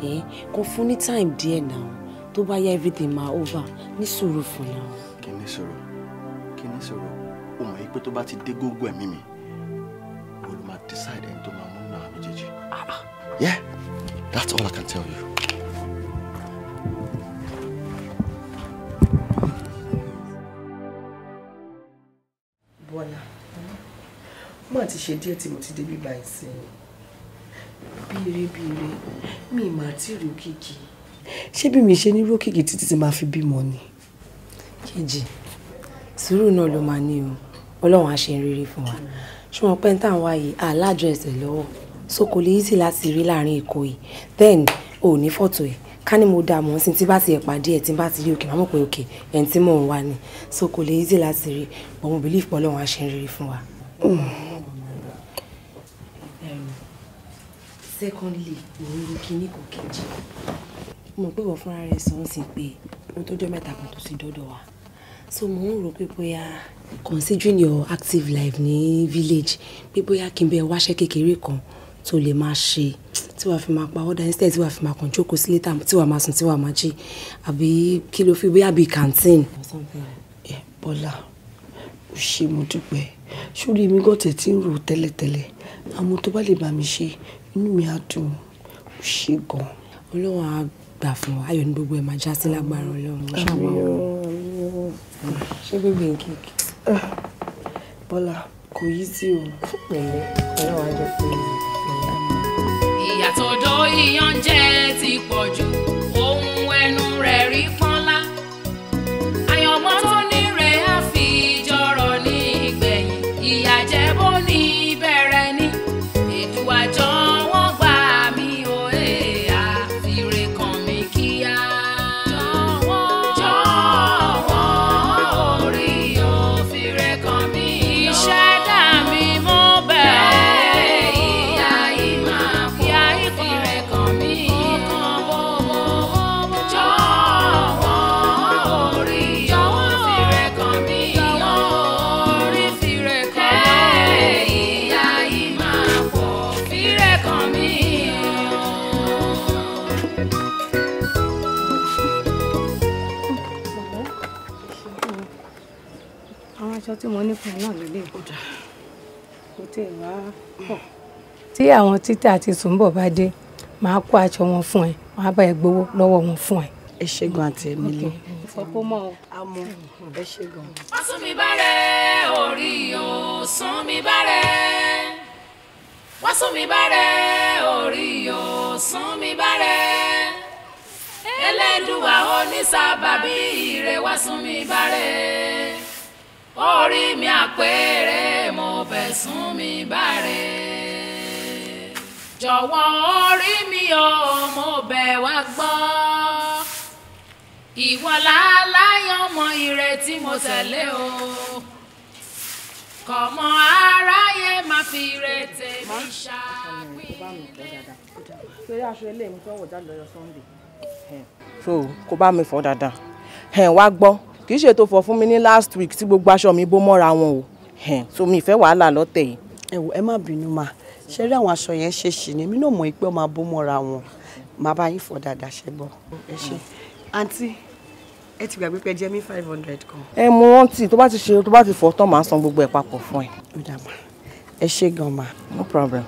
ẹ eh, kò fún ní time dear now. To buy everything máa over ni sọ̀rọ̀ kí ni sọ̀rọ̀ o mọ̀ yí pé tó bá ti dé gógó go mi o lè máa decide ẹni tó máa mú náà méjèèjì. Ah, ah. yeah that's all I can tell you. Bọ́lá, mo àti ṣe díẹ̀ tí mo ti débi báyìí sẹ́yìn bìrìbìrì mi mà ti rí òkìkí ṣé bí mi ṣe ní rókìkí títí tí máa fi bímọ ni. kejì sùúrù náà ló máa ní o ọlọ́run á ṣe rere fún wa ṣùgbọ́n pẹ́ńtà ń wáyé alájọ ẹsẹ̀ lọ́wọ́ so kò lè easy láti rí láàrin èkó yìí then o ò ní fọ́tò ẹ̀ ká ní mo dààmú sí tí bá ti ẹ̀ pàdé ẹ̀ tí bá ti rí òkè máa mọ̀ pé òkè ẹ̀ tí mò ń wá ni so lè easy láti rí but mo believe pé ọlọ́run á ṣe rere fún wa. Hmm. secondly òun kìíní kò kejì mo pé wọ́n fúnra rẹ̀ sọ ń sìn pé ohun tó jẹ́ mẹ́ta kan tó ti dọ́dọ̀ wa so mo ń rò pé bóyá considering your active life ní village pé bóyá kí n bẹ wáṣẹ́ kékeré kan tó lè máa ṣe tí wàá fi máa pa order instead tí wàá fi máa kàn jókòó sílé tàbí tí wàá máa sùn tí wàá máa jí àbí kí ló fi bóyá bíi canteen. bọ́lá ò ṣe mo dúpẹ́ sórí mi gọ́tẹ̀ tí ń rò tẹ́lẹ̀tẹ́lẹ̀ àmọ́ tó bá lè bá mi ṣe inú mi á dùn ó ṣe gan. ọlọ́wọ́n á gbà fún wa ayọ̀ ní gbogbo ẹ̀ máa já sí lágbára ọlọ́run. ṣé bèbè kéèkì. bọ́lá kò yí sí o. pẹ̀lẹ́ á jẹ́ pé. ìyàtọ̀ ìyànjẹ ti pọ̀ jù ohun ẹnu rẹ̀ rí pọ́nlá ayọ̀mọ́tò. tí mo ní fún ẹ náà lélẹ̀ kò tẹ̀ wá pọ̀. tí àwọn títà àti sùnbọ̀ bá dé màá kó aṣọ wọn fún ẹ màá bá ẹ gbowó lọ́wọ́ wọn fún ẹ. ẹ ṣe àti ẹni lé. ìfọ̀pọ̀ mọ́ ọ ẹ ṣe gan. sún mi bárẹ̀ orí o sún mi bárẹ̀ wá sún mi bárẹ̀ orí o sún mi bárẹ̀ ẹlẹ́dùwà onísàbàbí ire wá sún mi bárẹ̀ orí mi àpèrè mo fẹ́ sún mi bàrẹ̀. jọ̀wọ́ orí mi ò mo bẹ̀ wá gbọ́. ìwọ láláyàn mọ ìrètí mo tẹ̀lé o. kọ̀mọ aráyé máa fi ìrètí mi ṣàpínlẹ̀. so kò bá mi fọ̀ dáadáa wá gbọ́ kì í ṣe tó fọ fún mi ní last week tí gbogbo aṣọ mi bó mọ́ra wọn o so mi ìfẹ́ wàhálà lọ́tẹ̀ yìí. ẹ wò ẹ má bínú ma ṣe rí àwọn aṣọ yẹn ṣe ṣì ní mí náà mọ̀ pé ó máa bó mọ́ra wọn màá bá yín fọ dáadáa ṣe gbọ́. ẹ ṣe àǹtí ẹ ti gbàgbé pé jẹ́ mi five hundred kan. ẹ mo rántí tó bá ti ṣe tó bá ti fọ tán màá san gbogbo ẹ̀ papọ̀ fún ẹ. ó dà ma ẹ ṣe gan ma. no problem.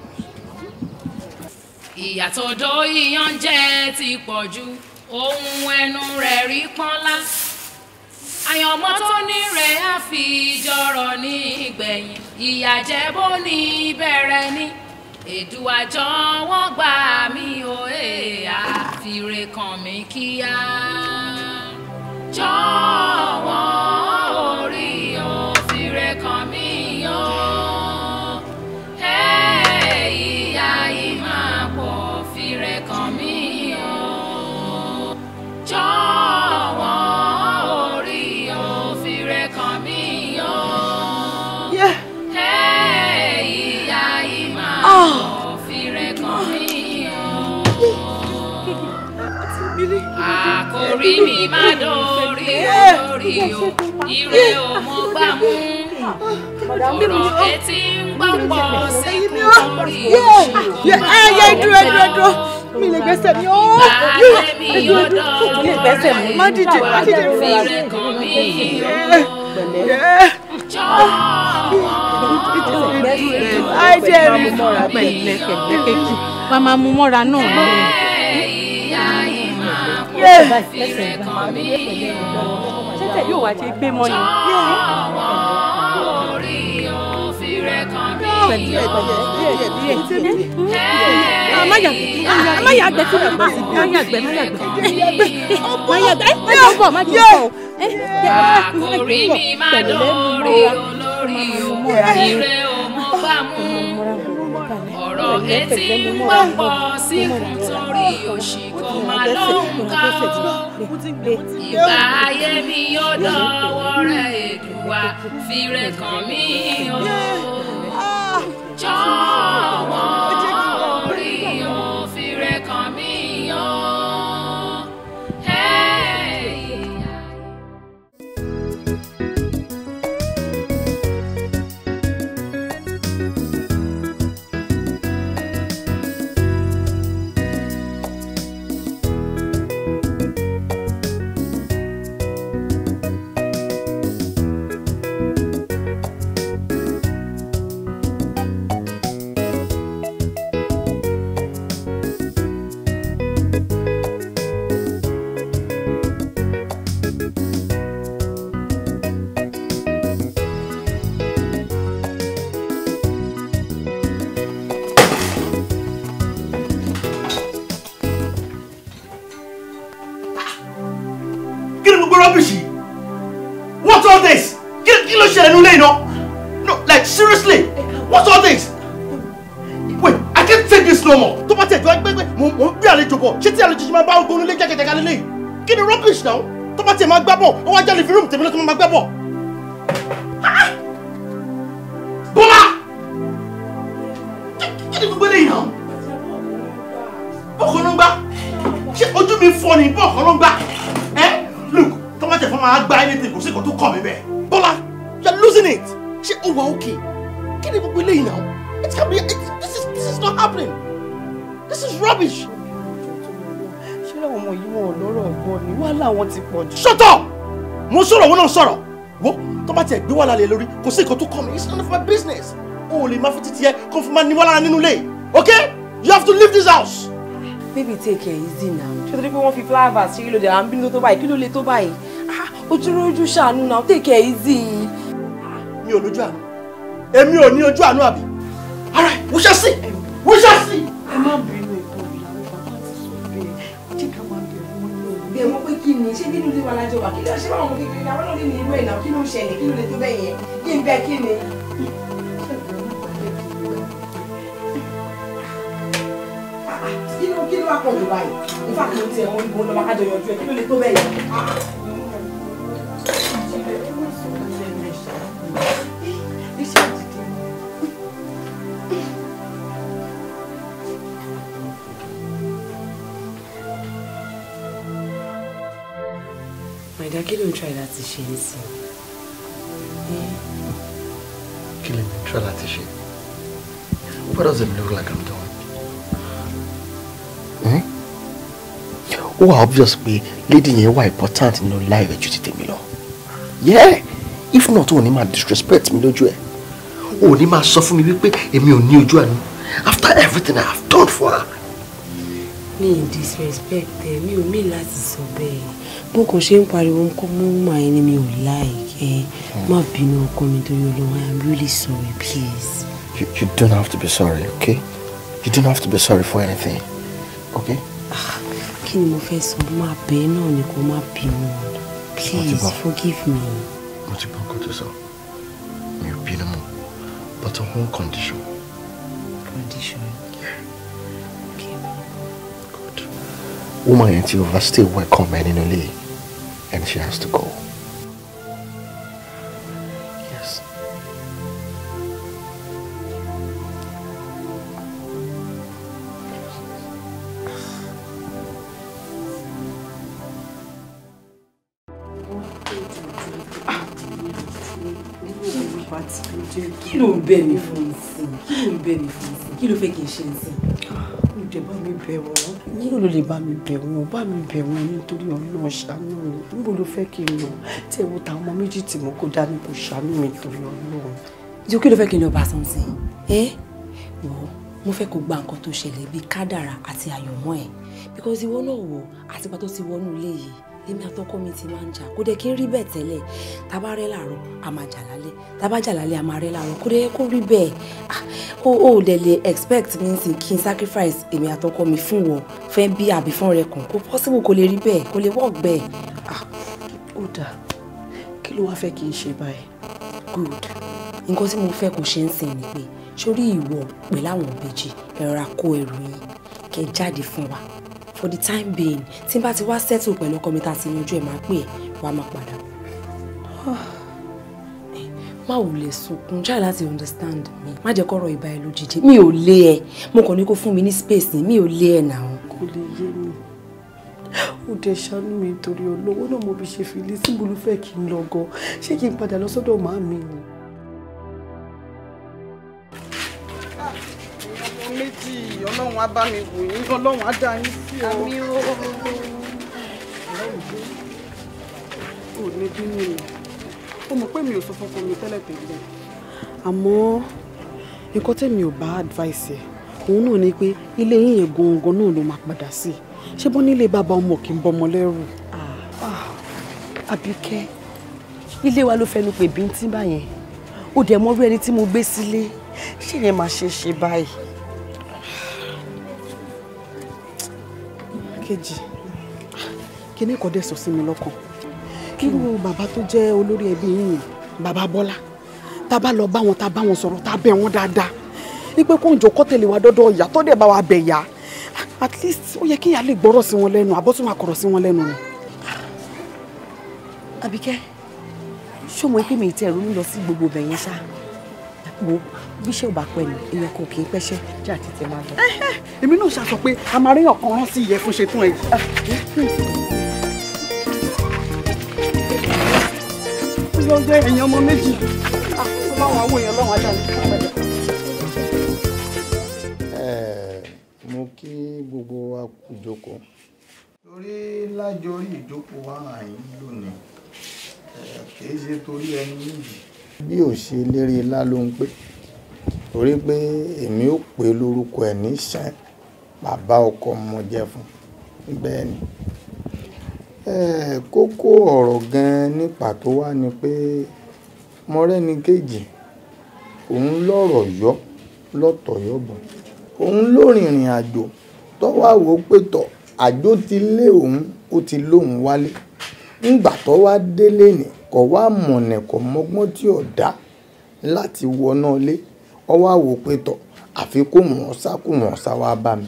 ìyàtọ̀ dó iyán ti pọ̀ ju ohun ẹnu rẹ̀ rí pọ́nlá àyànmọ́ tó ní rẹ̀ á fi jọrọ̀ ní ìgbẹ̀yìn ìyàjẹ́ bó ní bẹ̀rẹ̀ ní èdùà jọ̀wọ́ gbà mí o ẹ̀ àfìrè kàn mí kíá jọ̀wọ́ orí o fìrè kàn kàn mí yó jọ̀wọ́. Àkòrí mi má dórí orí o, ire o mo gbà mú. Ọ̀rọ̀ etí ń gbọ́pọ̀ sí kú orí òṣì. Ẹ yẹ dúró dúró dúró, mi lè gbẹ́sẹ̀ mi ó. Oh, Ìgbà oh, mi yóò oh. dọ̀rọ̀ mi gbẹ́sẹ̀ mi. Má dìde, má dìde. Fìrẹ̀ mi yóò. Jọ́ọ̀ jẹ́ rí pẹ̀lú lẹ́kẹ̀lẹ́kẹ̀ jù wàá máa mú mọ́ra náà ní. ṣẹ́tẹ̀ yóò wá ṣe gbé mọ́ ni. Máyà àgbẹ̀ tí mo bá máyà àgbẹ̀ máyà àgbẹ̀ máyà àgbẹ̀ máyà ọ̀bọ̀ máyà ọ̀bọ̀ ẹ̀ ẹ̀ ẹ̀ ẹ̀ pẹ̀lú lẹ́nu mọ́ra mọ́ra mọ́ra etí ń pọ̀pọ̀ síkùn torí òṣì kò má lóhùn ká o. Ìgbà ayé mi yóò dọ̀wọ́ rẹ̀ èdùwà fìrẹ̀ kàn mí o. Jọ̀wọ́. what's all this kí ló ṣẹlẹ̀ nílé iná no like seriously what's all this wait i can't take this no more tó bá tẹ̀ tó ẹgbẹ́ pé mò ń gbé àlejò bọ̀ ṣé tí àlejò ṣe máa bá ogun onílé jẹ́kẹ̀jẹ̀ka lélẹ̀ kí ni rubbish náà tó bá tẹ̀ máa gbá bọ̀ ó wá jáde fi rúùmù tèmi lọ́tọ́ máa gbá bọ̀. this is rubbish. ṣé làwọn ọmọ yìí wọn ò lọ́rọ̀ ọ̀gbọ́n ni wàhálà wọn ti pọ̀ jù. shut up mo sọ̀rọ̀ wọn náà sọ̀rọ̀ wo tó bá tiẹ̀ gbé wàhálà lé lórí kò sí nǹkan tó kọ́ mi it's none of my business o lè má fi títí ẹ kó fi máa ní wàhálà nínú ilé okay you have to leave this house. baby take care easy now. ṣé torí pé wọ́n fi flower ṣe kí ló dé à ń tó báyìí kí ló le tó báyìí ah, ojúlójú ṣàánú now take care easy. mi ò lójú àánú èmi ò ní ojú àánú àbí. all right we shall see we shall see. ẹ má bì ni ṣé nínú ilé wa lájọ wà kí ló ṣe báwọn kékeré ni àwọn náà ní irú ẹ̀ náà kí ló ń ṣẹlẹ̀ kí ló lè tó bẹ́ẹ̀ yẹn kí n bẹ kí ni. Ah, ah, kí ló kí ló wá pọ̀ jù báyìí nípa kí n tiẹ̀ mọ́ ibo lọ́mọ kájọ yọjú ẹ̀ kí ló lè tó bẹ́ẹ̀ yẹn. Ah, kí ló ń try láti ṣe ń sìn? Eh? Kí ló ń try láti ṣe? What does it look like I'm doing? Eh? Ó wà obvious pé lady yẹn wà important nínú life ju ti tèmi lọ. Yeah! If not, ò ní máa disrespect mi lójú ẹ̀. Ò ní máa sọ fún mi wípé èmi ò ní ojú àánú. After everything I have done for her. Mi disrespect ẹ, mi ò mí láti sọ bẹ́ẹ̀ bó kò ṣe ń pariwo ń kó mú màá ẹni mi ò láìkẹ́ hmm. má bínú ọkọ mi torí olóhùn i'm really sorry please. You, you don't have to be sorry okay you don't have to be sorry for anything okay. Ah, kí ni mo fẹ́ sọ máa bẹ́ẹ̀ náà ni kò má bínú please forgive me. mo ti gbọ́ nǹkan tó sọ mi ò bínú mọ́ but on one condition woman yẹn ti overstay welcome ẹ nínú ilé and she has to go. Yes. kí ló ń bẹ̀ mí fún un sí kí ló ń bẹ̀ mí fún un sí kí ló fẹ́ kí n ṣe ń lo sin jẹ́ bá mi bẹ̀ wọ́n níbo ló lè bá mi bẹ̀ wọ́n bá mi bẹ̀ wọ́n nítorí ọlọ́run ṣàánú mi níbo ló fẹ́ kí n lọ tí ẹ̀wọ̀n táwọn ọmọ méjì tí mo kó dání kò ṣàánú mi nítorí ọlọ́run. ìjọ kí ló fẹ́ kí n lọ bá a sọ ẹ wò mo fẹ́ kó gba nǹkan tó ṣẹlẹ̀ bíi kádàrà àti àyọ̀mọ́ ẹ̀ because ìwọ náà wò àtìgbà tó ti wọnú ilé yìí èmi àtọkọ mi ti máa ń jà kó dẹ kí rí bẹ́ẹ̀ tẹ́lẹ̀ tábà rẹ́ làárọ̀ a máa jà lálẹ́ tábà jà lálẹ́ a máa rẹ́ làárọ̀ kó dẹ kó rí bẹ́ẹ̀ ó ah, ò dẹ̀ lè expect mi sí kí n sacrifice èmi àtọkọ mi fún wọn fẹ́ bí àbí fún rẹ kàn kó possible kó lè rí bẹ́ẹ̀ kó lè work bẹ́ẹ̀. Ah, ó dáa kí ló wáá fẹ́ kí n ṣe báyìí. good nǹkan tí mo fẹ́ kó ṣe ń sìn ni pé sórí ìwọ pẹ̀láwọn ìbejì ẹ̀rọ akó ẹrù yín kẹ́ jáde fún wa for the time being tí n bá ti wá settle pẹ̀lú ọkọ mi tá a ti yanjú ẹ̀ máa pè wá máa padà. má wulẹ̀ sunkún try láti understand me. má jẹ́ kọ́rọ̀ ìbá ẹ lójijì mi ò lé ẹ mo kàn ní kó fún mi ní space ni mi ò lé ẹ nà kò lè yé mi ó dẹ ṣàánú mi nítorí olówó náà mo fi ṣe fi lé síbùlù fẹ́ kí n lọ gan ṣé kí n padà lọ sọ́dọ̀ màá mi ni. ọlọ́run á bá mi wò yín ọlọ́run á dá yín sí ọ. àmì o. ò ní bínú mi ó mọ̀ pé mi ò sọ fọkàn mi tẹ́lẹ̀ tẹ́lẹ̀ àmọ́ nǹkan tẹ̀mí ò bá advice ẹ̀ òun náà ni pé ilé yín yẹn gangan náà ló máa padà sí ṣé bọ́ nílé bàbá ọmọ kì í bọmọ lẹ́rù. àbíkẹ́ ilé wa ló fẹnu pè bíntín báyẹn ó dẹ̀ mọ́rú ẹni tí mo gbé sílé ṣé yẹn máa ṣe é ṣe báyìí. kejì kíní kan dẹ̀ sọ sí mi lọ́kàn irú bàbá tó jẹ́ olórí ẹbí yín yẹn bàbá Bọ́lá tá a bá lọ bá wọn tá a bá wọn sọ̀rọ̀ tá a bẹ̀ wọ́n dáadáa wípé kó ń jọ kọ́tẹ̀lé wa dọ́dọ̀ ìyá tó bá wa bẹ̀ yá at least ó yẹ kí ìyá lè gbọ́rọ̀ sí wọn lẹ́nu àbọ́tún máa kọ̀rọ̀ sí wọn lẹ́nu ni. Àbíkẹ́ ṣó mo pé mi ì tẹ̀ lọ sí gbogbo bẹ̀yẹn ṣáá wo bíṣẹ́ ò bá pẹ́ ni èèyàn kò kì í pẹ́ṣẹ́ jẹ́ àti tẹ máa lọ. èmi náà ṣàṣọ pé a máa rí ọ̀kan rán sí ìyẹn fún ṣe tún ẹ. lọ́jọ́ ẹ̀yìn ọmọ méjì tó bá wọn àwọn èèyàn lọ́wọ́ ajá ní ìpínlẹ̀. mo kí gbogbo wa kú jókòó. torí lájọ orí ìjókòó wa hàn yín lónìí kì í ṣe torí ẹni níbi bí ò ṣe lérí ilá ló ń pè torí pé èmi ò pè lórúkọ ẹ̀ ní sàn bàbá ọkọ mo jẹ fún bẹ́ẹ̀ ni kókó ọ̀rọ̀ gan-an ní wá ni pé mọ́rẹ́ni kejì òun lọ́rọ̀ yọ lọ́tọ̀ yọ̀bọ̀ òun ló rìnrìn àjò tọ́wáwò pétọ̀ àjò ti lé òun ó ti lóun wálé ńgbà tó wá délé nìyí kò wá mọ̀nà kò mọ́gbọ́n tí ò dá láti wọná ilé. Ó wá wò pé tọ̀, àfi kó wọ́n sá kó wọ́n sá wá bá mi.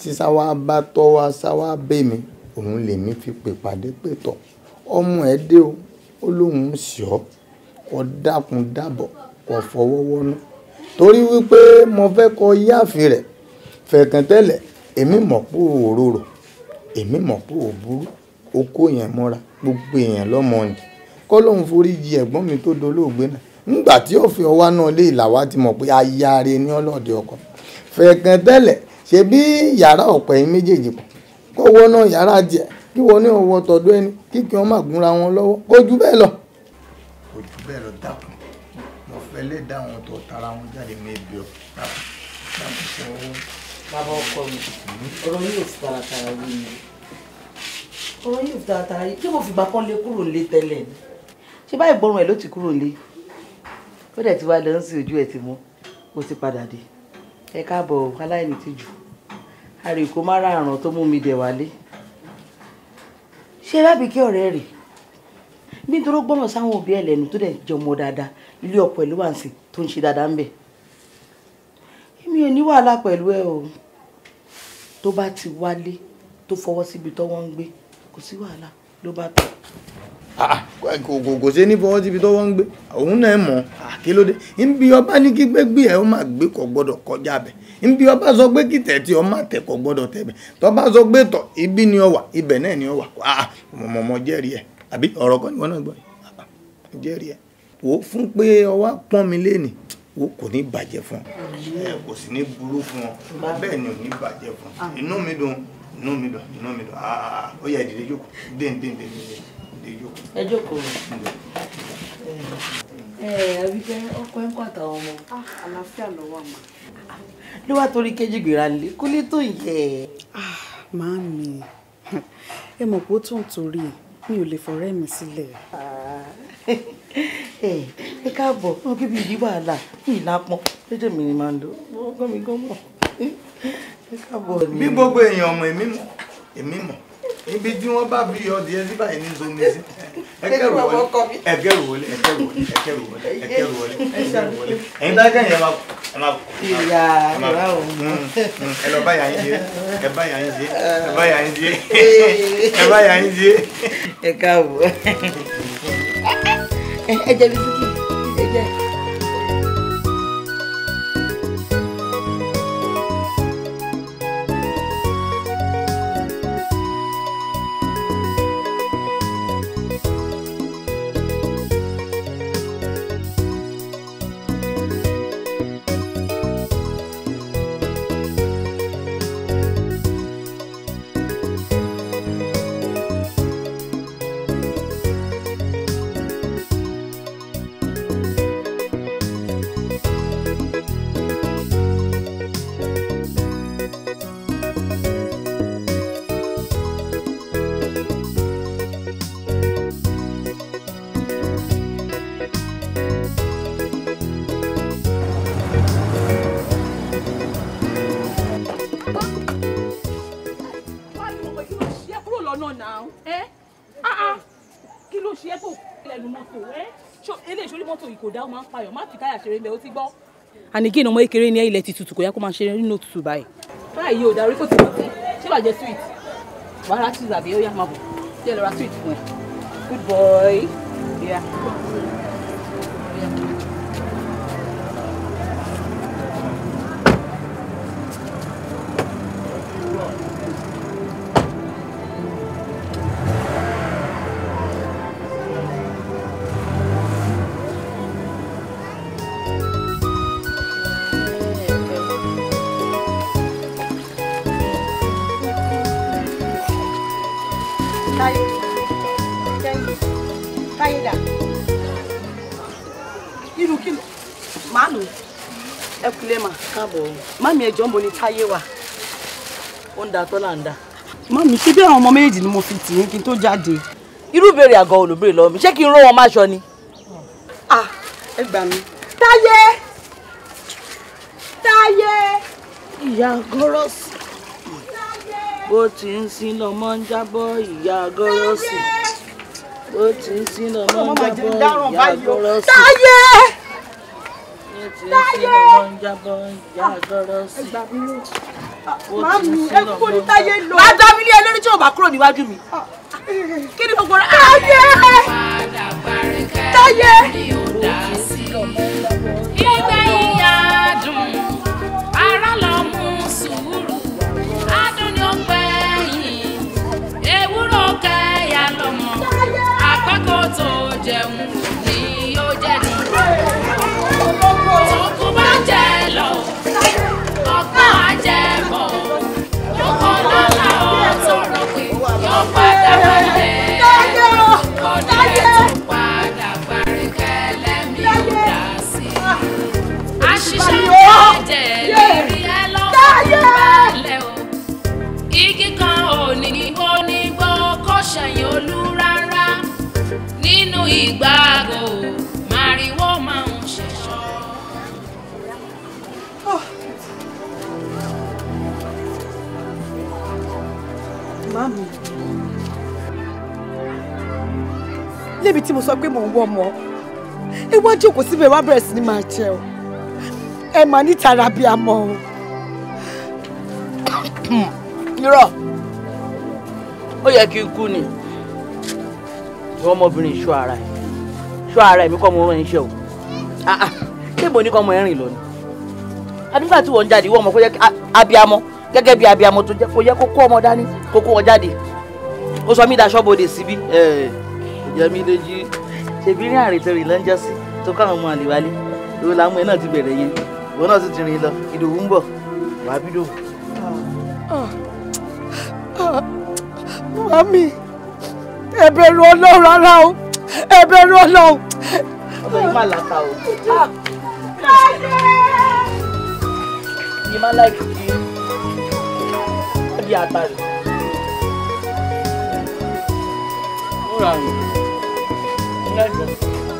Sísá wá bá tọ́ wá sá wá bé mi, òun lè mi fi pè pé tọ̀. Ọmọ ẹ dé o, ó lóhùn ṣe ọ́, kọ dákún dábọ̀, kọ fọwọ́ wọ́nú. Torí wípé mo fẹ́ kọ yááfì rẹ̀. Fẹ̀kàntẹ́lẹ̀, èmi mọ̀ pé o èmi mọ̀ pé o burú, yẹn mọ́ra, gbogbo èèyàn lọ́mọ ni kọ́ lóun forí ji ẹ̀gbọ́n mi tó dolóògbé náà nígbà tí ó fi ọwá náà lé ìlàwá ti mọ̀ pé ayáre ní ọlọ́ọ̀dẹ ọkọ fẹ̀ẹ̀kan tẹ́lẹ̀ ṣe bí yàrá ọ̀pẹ̀ yín méjèèjì pọ̀ kó wọ́n náà yàrá díẹ̀ kí wọ́n ní ọwọ́ tọ̀dọ̀ ẹni kíkì wọn má gúnra wọn lọ́wọ́ kó jù bẹ́ẹ̀ lọ. kò jù bẹ́ẹ̀ lọ dàpọ̀ mo fẹ́ lé dá àwọn tó tara wọn jáde ní ibi ọ̀ bàbá ọkọ mi ọ̀rọ̀ yìí ò fi taratara yìí ni ọ̀rọ̀ yìí ò ṣé báyìí gbọ́rùn ẹ̀ ló ti kúrò lé ó dẹ̀ ti wá lọ sí ojú ẹ̀ ti mú ó ti padà dé ẹ káàbọ̀ aláìní ti jù àrèkó mára àràn tó mú mi dẹ̀ wálé ṣé bábí kí ọ̀rẹ́ rè nítorí gbọ́ràn sáwọn òbí ẹ̀ lẹ́nu tó dẹ̀ jọmọ dáadáa ilé ọ̀pọ̀ ẹ̀ ló wà ń sìn tó ń ṣe dáadáa ń bẹ̀ èmi ò ní wàhálà pẹ̀lú ẹ o tó bá ti wálé tó fọwọ́ síbi tọ́wọ́ ń gbé kò sí wàhálà ló bá tọ̀. Ah, ah, kò ṣe ní fọwọ́ síbi tọ́wọ́ ń gbé òun náà mọ̀ àkélódé nbí ọba ní kí gbé ẹ ó máa gbé kò gbọ́dọ̀ kọjá bẹ̀ nbí ọba sọ pé kí ọ ma tẹ̀ kò gbọ́dọ̀ tẹ̀ bẹ̀ tọ́ba sọ pé ibi ni ọ wà ibẹ̀ náà ni ọ wà mọ̀mọ́ jẹ́rìí ẹ̀ àbí ọ̀rọ̀ kan náà gbọ́ jẹ́rìí ẹ̀ wò ó fún pé inú mi dùn inú mi dùn inú mi dùn ó ẹ jókòó àbíkẹ́ ọkọ ẹ̀ ń ọmọ. Ah, àlàáfíà ló wà torí kejì gbéra lé tó yẹ. Ah, màámi ẹ torí lè sílẹ̀. Ah, [LAUGHS] ẹ káàbọ̀ wọn kí bíi wàhálà bíi lápọn lédè mi ni màá lò bí gbogbo mọ̀ mọ̀. ibi tí wọ́n bá bí ọdí ẹ sí báyìí ní zomi sí ẹkẹrù wọlé ẹkẹrù wọlé ẹkẹrù wọlé ẹkẹrù wọlé ẹkẹrù wọlé ẹkẹrù wọlé ẹyin dájọ yẹn máa ẹ máa kú ẹ máa kú ẹ mm, mm. lọ báyà yín ṣe ẹ báyà yín ṣe ẹ báyà yín ṣe eh. ẹ báyà yín ṣe. ẹ káàbọ̀ ẹ jẹ́ bí. Ayọ̀ má fi káyà ṣeré ń bẹ ó ti gbọ́. àníkí ìnà ọmọ kékeré ní ilẹ̀ ti tutù kò yẹ kó máa ṣeré nínú òtútù báyìí. báyìí yóò darí kò tí kò tí ṣé wàá sweet wàá ra cheese àbí ó yá máa bọ̀ jẹ́ lọ ra sweet fún ẹ good boy. Yeah. káàbọ̀. Mami ẹjọ́ mo ni Táyé wà. Ó ń da tọ́lá Mami ṣé bí àwọn ọmọ méjèèjì ni mo fi tì yín kí n tó jáde? Irú ìbéèrè àgọ́ mi, ṣé kí n ró wọn máṣọ ni? Ah, ẹ gbà mí. Táyé! Táyé! Ìyá gọ́rọ́sì. Bó ti ń sin lọ́mọ ń jábọ́ ìyá gọ́rọ́sì. Bó ti ń sin lọ́mọ ń jábọ́ ìyá gọ́rọ́sì. Táyé! tí ń sílẹ̀ lọ ń jábọ́ ìyá ah, ẹ kó ní táyé lọ. Màá mi ní ẹlẹ́rìí tí ò bá kúrò níwájú mi. Ah, eh. Kí ni gbogbo rẹ̀? Táyé! Táyé! tẹ̀lé ẹ lọ́kùnrin balẹ̀ o níbi tí mo sọ pé mò ń wọ́ ọmọ, ẹ wá jókòó síbẹ̀ wá bẹ̀rẹ̀ sí ni máa jẹun ẹ mà ní tara bí a mọ o. irọ́ ó yẹ kí n kú ni ìwọ ọmọbìnrin ṣọ́ ara ẹ̀ ṣọ́ ara ẹ̀ mi kọ́ mo rán iṣẹ́ o ah, ah. ṣé mo ní kọ́ ọmọ ẹ̀ rìn lọ ni àdúgbò àti wọn jáde ìwọ ọmọ kó yẹ abiamọ gẹ́gẹ́ bí abiamọ tó jẹ́ kó yẹ kó kó ọmọ dání kó kó wọn jáde ó sọ mí daṣọ́ bòde síbí yẹmi lójú ṣèbí ní àrètẹ̀rì lọ́njọ́sí tó káwọn ọmọ àlè wálé ìwé làwọn ẹ̀ náà ti bẹ̀rẹ̀ yẹn ìwọ náà sì ti rìn lọ ìdòwú ń bọ̀ wàá bí dòwú. màmí ẹ bẹ̀rù Ọlọ́run rárá o ẹ bẹ̀rù Ọlọ́run. ọbẹ̀ yìí máa làkà o. Ah. yìí máa láì ó di àtàrí. múra rẹ̀ ń lẹ́gbẹ̀ẹ́.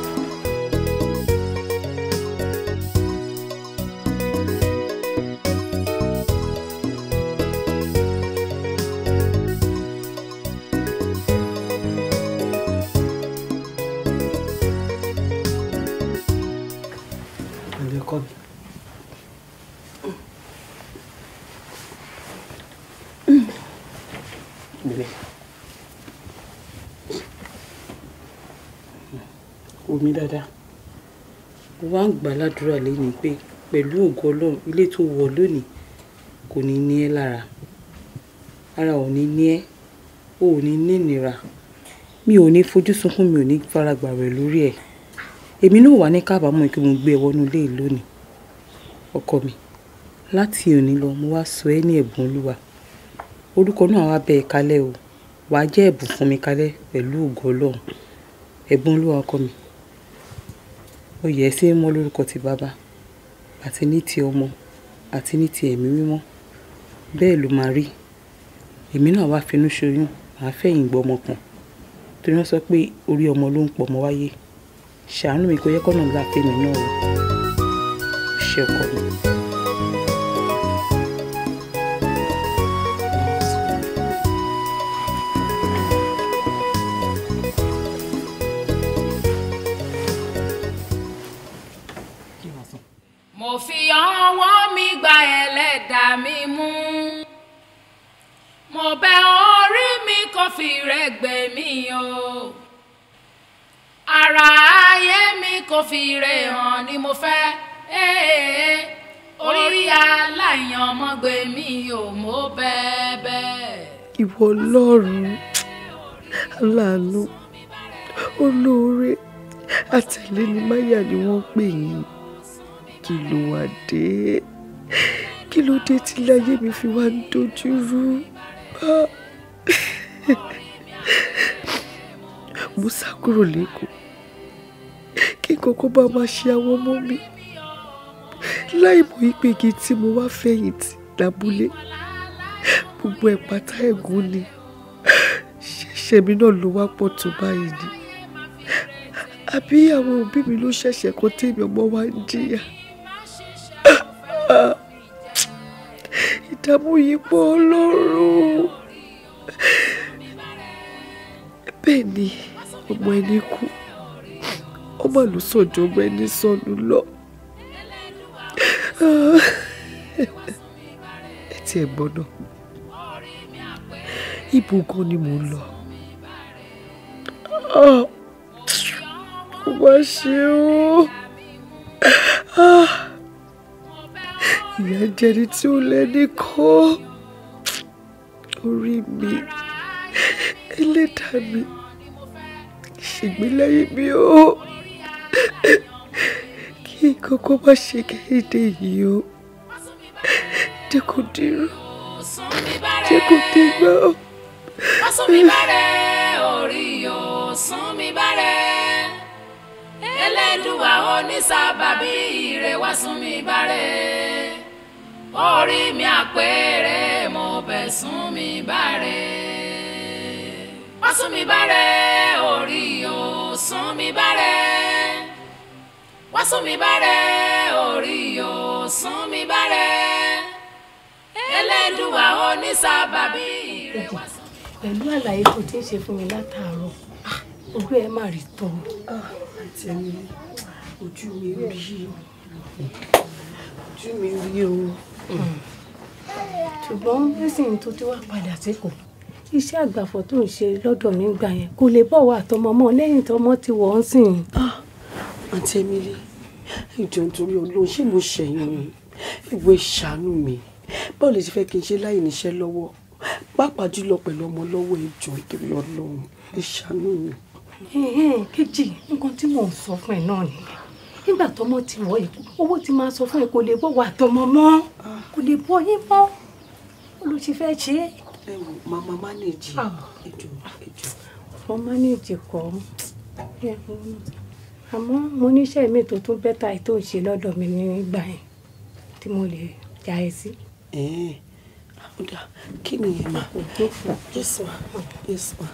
omi dáadáa mo wá ń gbà ládùúrà lẹ́yìn pé pẹ̀lú ògo ọlọ́run ilé tó wọ̀ lónìí kò ní ní ẹ́ lára ara ò ní ní ẹ́ o ò ní ní ìnira mi ò ní fojú sunkún mi ò ní faragbà rẹ̀ lórí ẹ̀ èmi náà wà ní kábàámọ̀ kí mo gbé ẹ wọnú ilé lónìí ọkọ mi láti òní lọ mo wá sọ ẹ́ ní ẹ̀bùn olúwa orúkọ náà wá bẹ́ẹ̀ kalẹ̀ o wàá jẹ́ ẹ̀bùn fún mi kalẹ̀ pẹ̀lú ògo ọlọ́run ẹ̀bùn olúwa ọkọ mi oyè ẹsẹ mọ́ lórúkọ ti bàbá àti ní ti ọmọ àti ní ti ẹ̀mí mímọ́ bẹ́ẹ̀ ló máa rí èmi náà wá finú ṣoyún màá fẹ̀yìn gbọ́ ọmọ kan torí wọ́n sọ pé orí ọmọ ló ń pọ̀ ọmọ wáyé ṣàánú mi kó yẹ kọ́nà ńlá tèmi náà ṣe ọkọ mi. ọ̀bẹ orí mi kò fi rẹ̀gbẹ́ mi o ara ayé mi kò fi rẹ̀ hàn ni mo fẹ́ orí aláìyàn ọmọgbé mi ò mọ bẹ́ẹ̀bẹ́. ìwọ ọlọ́run aláàánú olóore àtẹ̀lé ni máyà ni wọ́n pè yín kí ló wá dé kí ló dé tí láyé mi fi wá ń dojú rú. [LAUGHS] mo sá kúrò lẹ́kọ̀ọ́ kí kókó bá máa ṣe àwọn ọmọ mi láì mọ̀ ìpè tí mo wá fẹ̀yìntì lábúlé gbogbo ẹ̀ ẹ̀gún ni ṣẹ̀ṣẹ̀ mi náà ló wá pọ̀ tó báyìí ni àbí àwọn òbí mi ló ṣẹ̀ṣẹ̀ kan tèmi ọmọ wa ń jìyà Àdàmúyípo Ọlọ́run bẹ́ẹ̀ ni ọmọ ẹni kú ọmọ ìlú sọ̀jọ́ ọmọ ẹni sọnù lọ ẹ ti ẹ̀ gbọ́n ni mò ń lọ ó ah, wá ṣe ó ìyá jẹni tí ó lẹ́ni kọ́ orí mi ẹlẹ́dàá mi ṣègbélẹ́yìn mi ó kí ìkókó má ṣe kéde yìí ó jẹ́ kó olúwa onísábàbí ire wá sún mi bárẹ̀ orí mi àpèrè mo bẹ̀ sún mi bárẹ̀ wá bárẹ̀ orí o bárẹ̀ wá bárẹ̀ orí o bárẹ̀ ẹlẹ́dùwà onísábàbí ire wá pẹ̀lú àlàyé tó ti ń ṣe fún mi látàárọ̀ ah, ojú ẹ má rí tó. àti ẹni ojú mi rí ojú mi rí o ṣùgbọ́n nísìnyí tó ti wá padà síkò iṣẹ́ àgbàfọ̀ tó ń ṣe lọ́dọ̀ mi gbà yẹn kò lè bọ̀ wá àtọmọmọ lẹ́yìn tọmọ ti wọ̀ ọ́n sìn. Ah, àǹtí Emily ìjọ nítorí olóhùn ṣé mo ṣẹ̀yìn ni ìwé ṣàánú mi báwo lè ṣe fẹ́ kí n ṣe láì níṣẹ́ lọ́wọ́ pàápàá jùlọ pẹ̀lú ọmọ lọ́wọ́ ìjọ nítorí ọlọ́run ẹ mi. kejì nǹkan tí mò ń sọ fún ẹ náà nìyẹn nígbà tọmọ ti wọ yìí owó ti máa sọ fún ẹ kò lè bọ wà tọmọ mọ kò lè bọ yín mọ ló ti fẹ́ ṣe é. ẹ wò màmá mánéèjì ẹjọ ẹjọ. wọn mánéèjì kọ àmọ́ mo níṣẹ́ mi tó tún bẹ́tà tó ń ṣe lọ́dọ̀ mi nígbà yẹn tí mo lè ja ẹ sí. kí ni yẹn máa yẹsì wá yẹsì wá.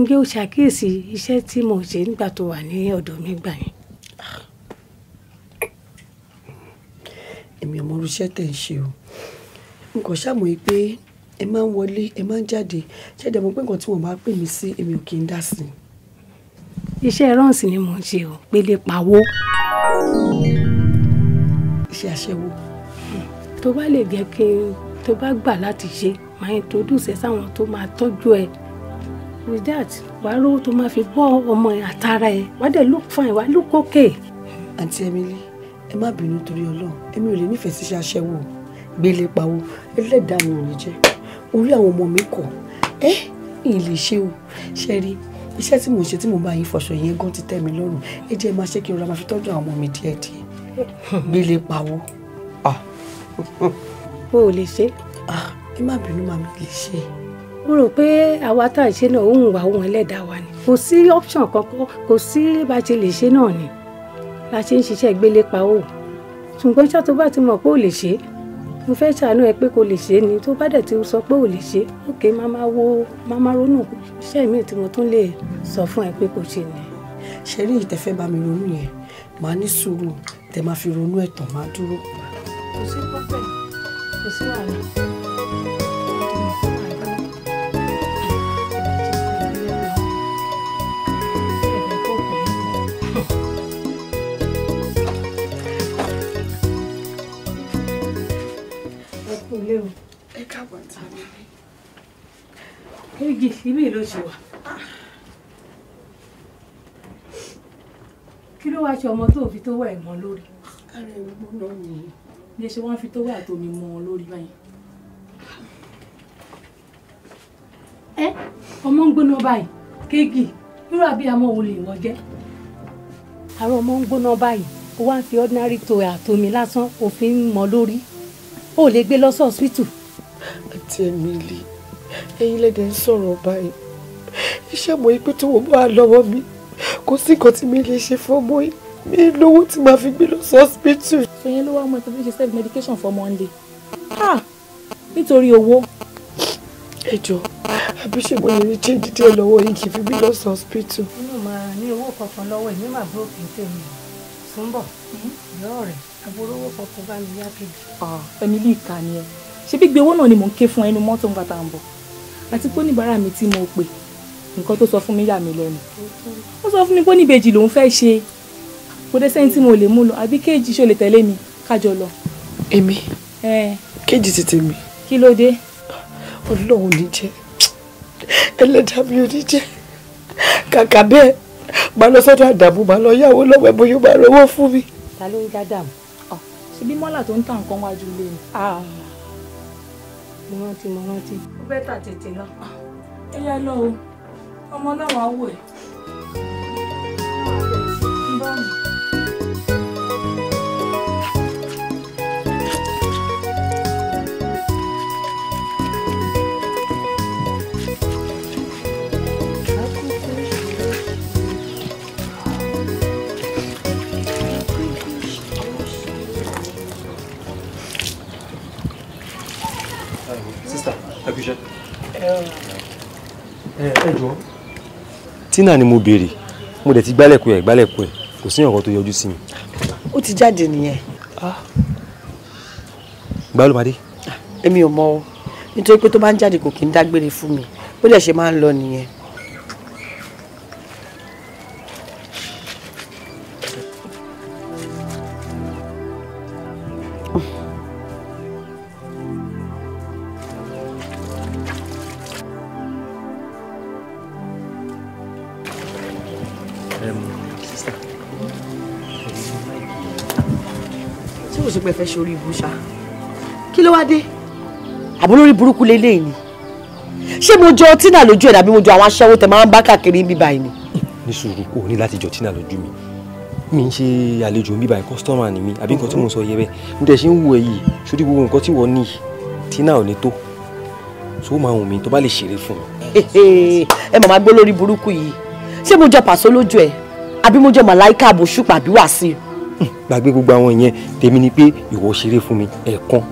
ǹjẹ́ o ṣàkíyèsí iṣẹ́ tí mo ṣe nígbà tó wà ní ọ̀dọ̀ mi gbà yẹn èmi ò mọ irú iṣẹ́ tẹ̀ ń ṣe o n kò ṣàmọ̀ yìí pé ẹ máa ń wọlé ẹ máa ń jáde ṣẹ́dẹ̀ mọ̀ pé nǹkan tí wọ́n bá pè mí sí èmi ò kì í dá sí i. iṣẹ́ rọ́ǹsì ni mò ń ṣe o pélé pawó. iṣẹ́ aṣẹ́wó. tó bá lè jẹ́ kí n tó bá gbà láti ṣe máa ń tòdùsẹ́ sáwọn tó máa tọ́jú ẹ with that wàá rówó tó máa fi bọ́ ọmọ àtàrà ẹ wàá dẹ̀ look fine wàá look okay. àǹtí Emily ẹ má bínú torí ọlọ́run èmi ò lè nífẹ̀ẹ́ sí iṣẹ́ aṣẹ́wó gbélé pawó ẹlẹ́dàá mi ò ní jẹ́ orí àwọn ọmọ mi kọ̀ ẹ́ ìyìn lè ṣe o ṣe rí iṣẹ́ tí mo ṣe tí mo bá yín fọṣọ yẹn gan ti tẹ́ mi lọ́rùn ẹ jẹ́ máa ṣe kí n rọra máa fi tọ́jú àwọn ọmọ mi díẹ̀díẹ̀ gbélé pawó. Ah. o ò lè ṣe. Ah, ẹ má bínú màmí lè ṣe mo rò pé àwa tá à ń ṣe náà òun wà òun ẹlẹ́dàá wa ni kò sí option kankan kò sí bá a ṣe lè ṣe náà ni la ṣe ń ṣiṣẹ́ gbélé pawó ṣùgbọ́n ṣá tó bá ti mọ̀ pé ò lè ṣe mo fẹ́ ṣàánú ẹ pé kò lè ṣe ni tó bá dẹ̀ ti sọ pé ò lè ṣe òkè má má wo má má ronú iṣẹ́ mi tí mo tún lè sọ fún ẹ pé kò ṣe ni. ṣe rí ìtẹ́fẹ́ bá mi ronú yẹn màá ní sùúrù tẹ máa fi ronú ẹ̀tàn máa dúró. kò sí pọ́fẹ́ kò sí wàhálà. ilé o. ẹ káàbọ̀ ní tàbí. kéèjì ibi ìlú ti wà. kí ló wáá ṣe ọmọ tó fi tó wà ẹ̀ mọ́ lórí. ara ẹ̀ gbóná mi. ní ṣe wọ́n fi tó wà tó mi mọ́ ọ lórí báyìí. ẹ ọmọ ń gbóná báyìí kéèjì irú abiyamọ wo lè wọ́n jẹ́. àrò ọmọ ń gbóná báyìí ó wá ń fi ordinary to àtomi lásán òfin mọ́ lórí o lè gbé lọ sí ọsibítù. àti Emily ẹ̀yin lẹdẹ ń sọ̀rọ̀ báyìí iṣẹ́ mọ̀ pé tó wọ́n bá lọ́wọ́ mi kò sí nǹkan tí mi lè ṣe fọ́mọ yìí mi lówó tí màá fi gbé lọ sí ọsibítù. ṣèyẹn ló wá mọ ìtọ́jú ṣe self medication for Monday Ah, nítorí owó. ẹ jọ àbíṣègbè yẹn change díẹ̀ lọ́wọ́ yìí kì í fi gbé lọ sí ọsibítù. inú màá ní owó kankan lọ́wọ́ yìí nígbà gbóògì tèmi tó ń bọ̀ yọ̀ọ́ rẹ̀ àbúrò owó fọkàn bá mi yákejì. Emily ìka ni ẹ ṣé bí gbé owó náà ni mò ń ké fún ẹnu mọ́tò ń bàtà ń bọ̀ àti pé oníbàárà mi tí mo pè nǹkan tó sọ fún mi yà mí lẹ́nu ó sọ fún mi pé oníbejì lòún fẹ́ ṣe kò dé sẹ́yìn tí mo lè mú lọ àbí kéèjì ṣó lè tẹ̀lé mi kájọ lọ. èmi kéèjì ti tèmi. kí ló dé. ọlọ́run ní jẹ́ ẹlẹ́dàá mi ò ní jẹ́ kàkà bẹ́ẹ̀ máa lọ sọ́dọ̀ àdàmú máa lọ yáwó lọ́wọ́ ẹ̀ bóyá máa rówó fún mi. ta ló ń dá dàmú. Ibi mọ́là tó ń ta nǹkan wájú ilé ni. Ah, mo rántí mo rántí. ó bẹ́ tà tètè lọ. Ah. ẹ yá lọ o ọmọ náà wàá wò ẹ́. ń bá tina ni mo béèrè mo dẹ̀ ti gbálẹ̀kù ẹ̀ gbálẹ̀kù ẹ̀ kò sí nǹkan tó yọjú sí mi. ó ti jáde nìyẹn. Ah. gbálùmọ́dé. Ah, èmi ò mọ o nítorí pé tó bá ń jáde kò kí ń dágbére fún mi bó dẹ̀ ṣe máa ń lọ nìyẹn. sórí ibùsà kí ló wá dé àbó lórí burúkú lélẹ́yìn ni ṣé mo jọ tínà lójú ẹ̀ dàbí mo jọ àwọn aṣẹ́wó tẹ máa ń bá káàkiri bíbá yìí ni. ní sùúrù kò ní láti jọ tínà lójú mi mi ń ṣe àlejò bíbá yìí kọ́sítọ́mà ni mi àbí nǹkan tí mo sọ yẹ bẹ́ẹ̀ mo tẹ̀ ṣe ń wo èyí ṣojú gbogbo nǹkan tí wọ́n ní tínà ò ní tó tó máa wù mí tó bá lè ṣeré fún mi. ẹ màmá gbọ́ lórí burúkú yìí ṣé mo jọ pàṣọ lójú ẹ àbí mo jọ màláìka àbòṣùpà àbí wàásù gbàgbé gbogbo àwọn ìyẹn tèmi ni pé ìwọ ṣeré fún mi ẹ̀ẹ̀kan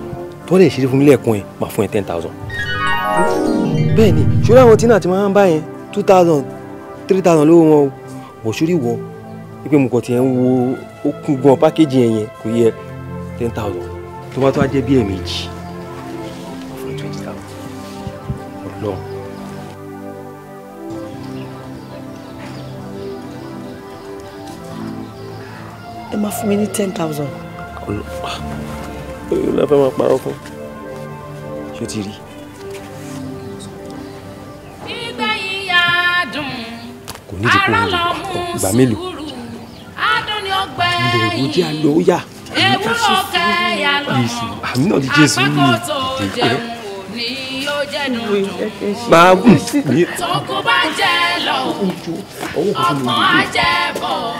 tó lè ṣeré fún mi lẹ́ẹ̀kan yẹn máa fún ẹ ten thousand. bẹ́ẹ̀ ni ṣọlá àwọn tínà tí máa ń bá yẹn two thousand three thousand lówó wọn o bọ̀ sórí wọ wípé mo kàn ti ẹ̀ wo ó kún gan pákéjì yẹn yẹn kò yẹ ten thousand tó bá tó á jẹ́ bí ẹ̀ẹ̀mejì. ẹ máa fún mi ní ten thousand. olùkọ́ ló fẹ́ máa parọ́ fún ṣé o ti rí. ìgbẹ̀yìn yá dùn ara lọ mú sùúrù adùn ni ó gbẹ yìí. lèrò jẹ́ àlọ́ ó yà. ewúro kẹ́yà lọ́mọ àpákòtò jẹun ni yóò jẹ́ dundun. máa gùn ní. tókù bá jẹ lọ ọkàn á jẹ bọ̀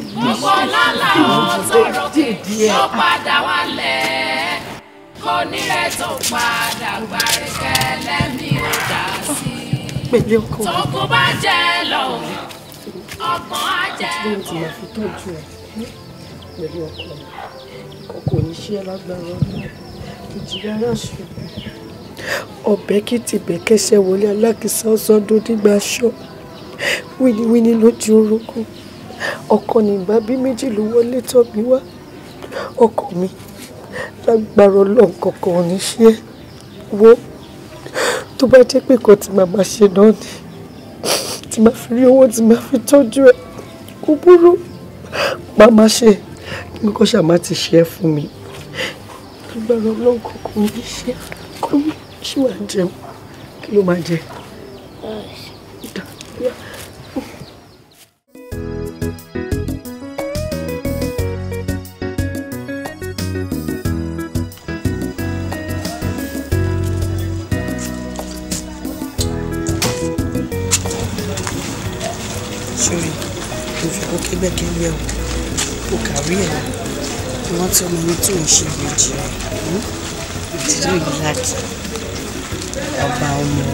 gbogbo lọ́la ó sọ̀rọ̀ kejì ó padà wálẹ̀ kò nílẹ̀ tó padà parí kẹlẹ́ mi ò dá sí i tó kú bá jẹ́ lọ ọgbọ́n á jẹ́ bọ̀. pẹ̀lú ọkọ ọkọ ní ṣe lágbára ìjìyà náà ṣubú ọ̀bẹ kí ti bẹ̀kẹ́sẹ̀ wọlé alákìsà ọ̀sán nígbà ṣọ́ wíníwíní lójú orókùn ọkọ nìgbà bí méjì ló wọlé tọ̀ mí wá ọkọ mi lágbára ọlọ́run kankan ò ní ṣe é wo tó bá jẹ́ pé kan tí màmá ṣe náà ni tí màá fi rí owó tí màá fi tọ́jú ẹ̀ kò burú màmá ṣe kí nǹkan ṣàmá ti ṣe é fún mi lágbára ọlọ́run kankan ò ní ṣe é kó mi jẹun kí ló máa jẹ. síbẹ̀ kí n yẹ o kàrí ẹ̀ rántí ọmọ mi tó ń ṣe ìbejì rẹ̀ ìdílé hmm? ìlàkì ọba ọmọ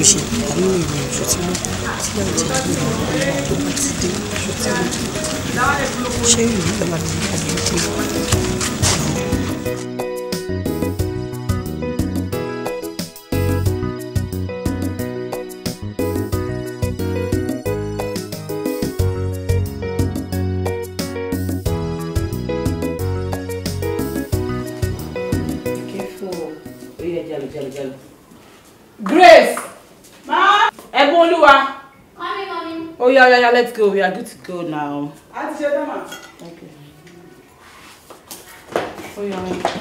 òṣèlú àánú ìrìn àjò tí wọ́n ti yà jẹ́ ìlú ọmọ tó bá ti dé ṣé ìlú ìlànà àyè ń pè é. let's go. We are good to go now. Auntie Shedama. Okay. So you're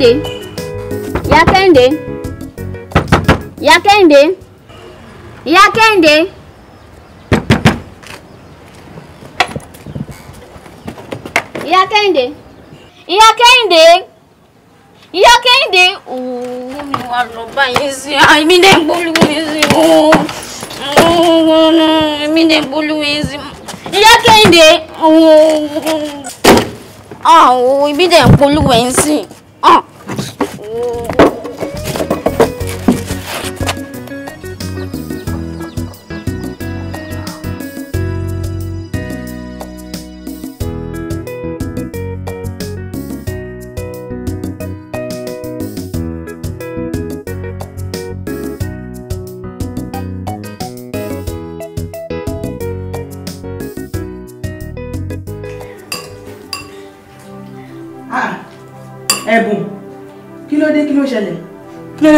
Kẹ́hìndé ìyá Kẹ́hìndé ìyá Kẹ́hìndé ìyá Kẹ́hìndé. ìyá Kẹ́hìndé ìyá Kẹ́hìndé ìyá Kẹ́hìndé ooo mi wà lọ báyìí sí àìmí ah, dé gbólúwò yìí sí ooo èmi dé gbólúwò yìí sí ìyá Kẹ́hìndé ooo àwọn ibi ah, dé gbólúwò yìí sí.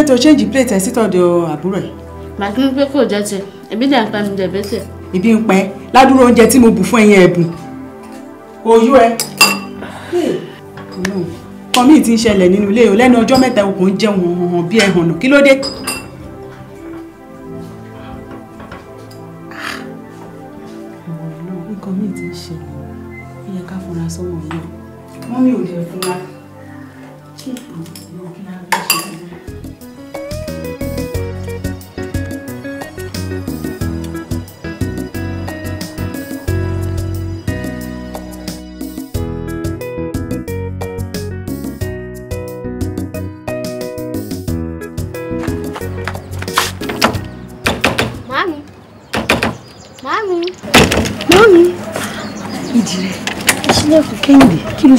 dé tó change plate ẹ̀ sítọ̀dọ̀ àbúrò ẹ̀. màkínú pé kò jẹ́ tiẹ̀ ẹ̀bí dà ń pa mi dẹ̀bẹ́sẹ̀. ìbí ń pẹ́ ládùúrò oúnjẹ tí mo bù fún ẹ̀yin ẹ̀bùn oyú ẹ kọ́mí ti ń ṣẹlẹ̀ nínú ilé o lẹ́nu ọjọ́ mẹ́ta okùn ń jẹun hàn bí ẹ̀hàn nù kí ló dé.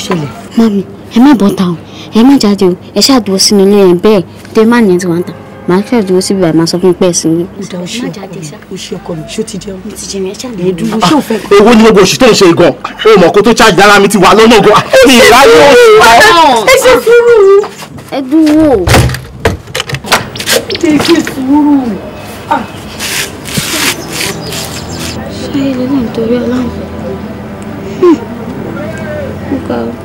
ṣẹlẹ̀. mami ẹ má bọ́ ta o ẹ má jáde o ẹ ṣáà dúró sínú ilé ẹ bẹ́ẹ̀ tẹ má ní ẹ ti wá ń ta màá ṣáà dúró síbi àìmọ sọ fún pẹ sí mi. ìdá o ṣe ọkọ mi ṣó ti jẹun. mo ti jẹun ẹ ṣáà dúró ṣó ni gbogbo oṣù tẹ̀ ń ṣe gan o mọ̀ kó tó ṣáàjì ara mi ti wà lọ́nà gan ẹ ṣe sùúrù. ẹ dúró. ṣe sùúrù. Ah. ṣé ilé náà ń torí 那个。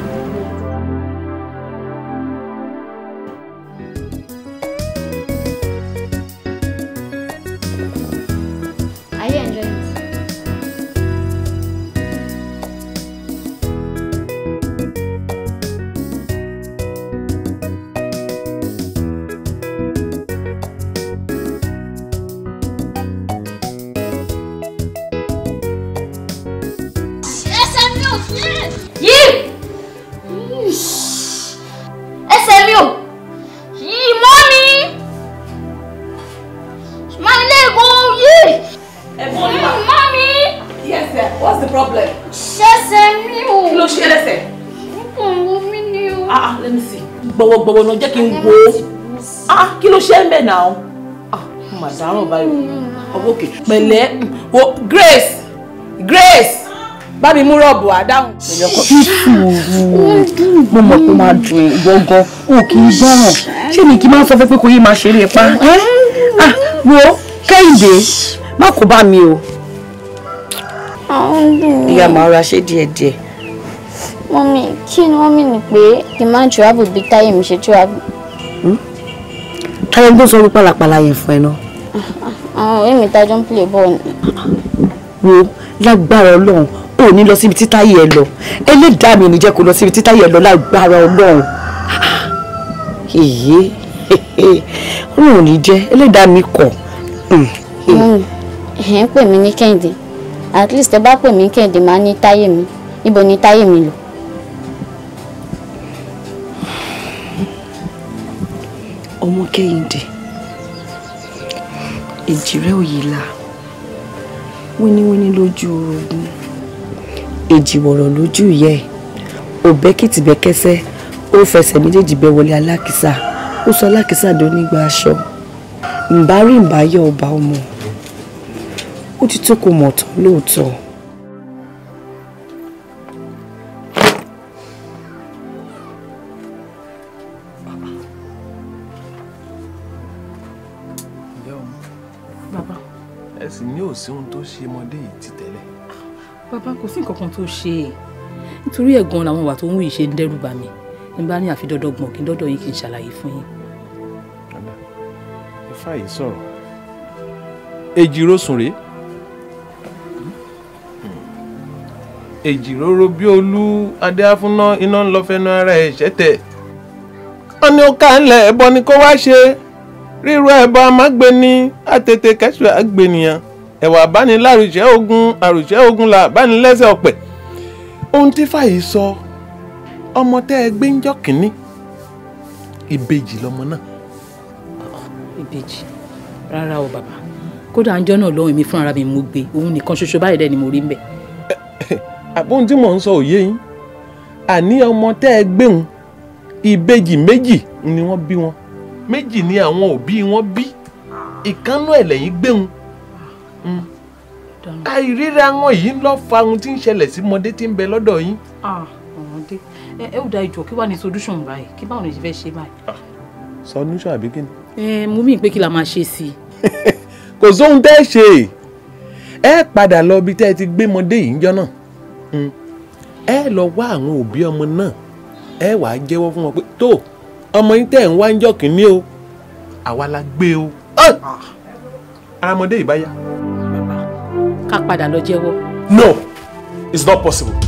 gbọ́wọ́ náà jẹ́ kí n wo ah, ah kí ló ṣe ń bẹ̀ náà ah mo mà dáràn báyìí ọwọ́ òkè pẹ̀lẹ́ wo Grace Grace bá mi mú rọ́ọ̀bù àdáhùn. mo mọ̀ pé máa dùn gbọ́ngàn o kì í dáràn ṣé ni kí n máa sọ pé kò yí máa ṣeré pa ah, wo Kẹ́hìndé má kó bá mi o. ìyá màá ra ṣe díẹ̀díẹ̀ mọ́mí kí ni wọ́n mìíràn pé kí n máa ń travel bí táyé mi ṣe travel. Hmm? táyé gbó sọ orí pàlàpàlà yẹn fún ẹ náà. àwọn ọ̀rẹ́ mi tájọ́ ń play ball ni. wo lágbára ọlọ́run ò ní lọ síbi tí táyé ẹ lọ ẹlẹ́dàá mi ò ní jẹ́ kó lọ síbi tí táyé ẹ lọ lágbára ọlọ́run. èyí ọlọ́run ò ní jẹ́ ẹlẹ́dàá mi kọ̀. Hmm. ẹ̀ ń pè mí ní kẹ́hìndé at least ẹ bá pè mí kẹ́hìndé máa ní táyé mi ibo ni táyé mi lọ. ọmọ kẹ́hìndé èjìrẹ́ òyìnlá wíníwíní lójú ogun èjìwọ̀rọ̀ lójú ìyẹ́ ẹ̀ òbẹ́kìtì bẹ́kẹ́sẹ́ ó fẹsẹ̀ méjèèjì bẹ́ wọlé alákìsà ó sọ alákìsà dó nígbà aṣọ ǹbá rí ǹbá yọ ọba ọmọ ó ti tó kò mọ̀ tán lóòótọ́. sí ohun tó ṣe ọmọdé yìí ti tẹ́lẹ̀. bàbá kò sí nǹkan tó ṣe é nítorí ẹ̀gbọ́n làwọn ìwà tó ń wù yìí ṣe ń dẹ́rù bà mí n bá ní àfi dọ́dọ̀ gbọ̀n kí n dọ́dọ̀ yín kí n ṣàlàyé fún yín. bàbá ifá yìí sọ̀rọ̀ èjìrò sùn rèé èjìròrò bí olú adéáfúnná iná ń lọ fẹnu ara ẹ̀ ṣẹ́tẹ̀ wọ́n ní ó ká ńlẹ̀ ẹbọ ni kó wá ṣe ríro ẹbọ amágbéni àtètè kẹsùn àgbènìyàn ẹ̀wà bánilárùjẹ́ ogun àrùjẹ́ ogun là bánilẹ́sẹ̀ ọ̀pẹ̀ ohun tí fàyè sọ ọmọ tẹ́ ẹ gbé ń jọ́ kínní ìbejì lọmọ náà. ìbejì rárá o bàbá kódà ń jọ́ náà lọ́wọ́ èmi fúnra mi mo gbé òun nìkan ṣoṣo báyìí dẹ́ ni mo rí ń àbóhun tí mò ń sọ òye yín àní ọmọ tẹ́ ẹ gbé wọn ìbejì méjì ni wọ́n bí wọn méjì ni àwọn òbí wọn bí ìkánú ẹ̀ lẹ́yìn gbé wọn àìríra mm. wọn yìí ló fa ohun tí ń ṣẹlẹ̀ sí ọmọdé tí ń bẹ lọ́dọ̀ yín. Ah, ọmọdé ẹ ẹ ò da ìjọ kí wàá ní solution báyìí kí báwo ni ìṣe fẹ́ ṣe báyìí. Ah, solution àbí kí ni. ẹ mú mi pé kí la máa ṣe sí i. [LAUGHS] kò sóhun tẹ́ ẹ ṣe ẹ padà lọ ibi tẹ́ ẹ ti gbé ọmọdé yìí ń jọ náà hmm. ẹ lọ wá àwọn òbí ọmọ náà ẹ wàá jẹ́wọ́ fún wọn pé tó ọmọ yín tẹ̀ ń wá ń jọ kìíní o àwa la gbé o. Ah. ara ọmọdé yìí ká padà lọ jẹ́wọ́. no it's not possible.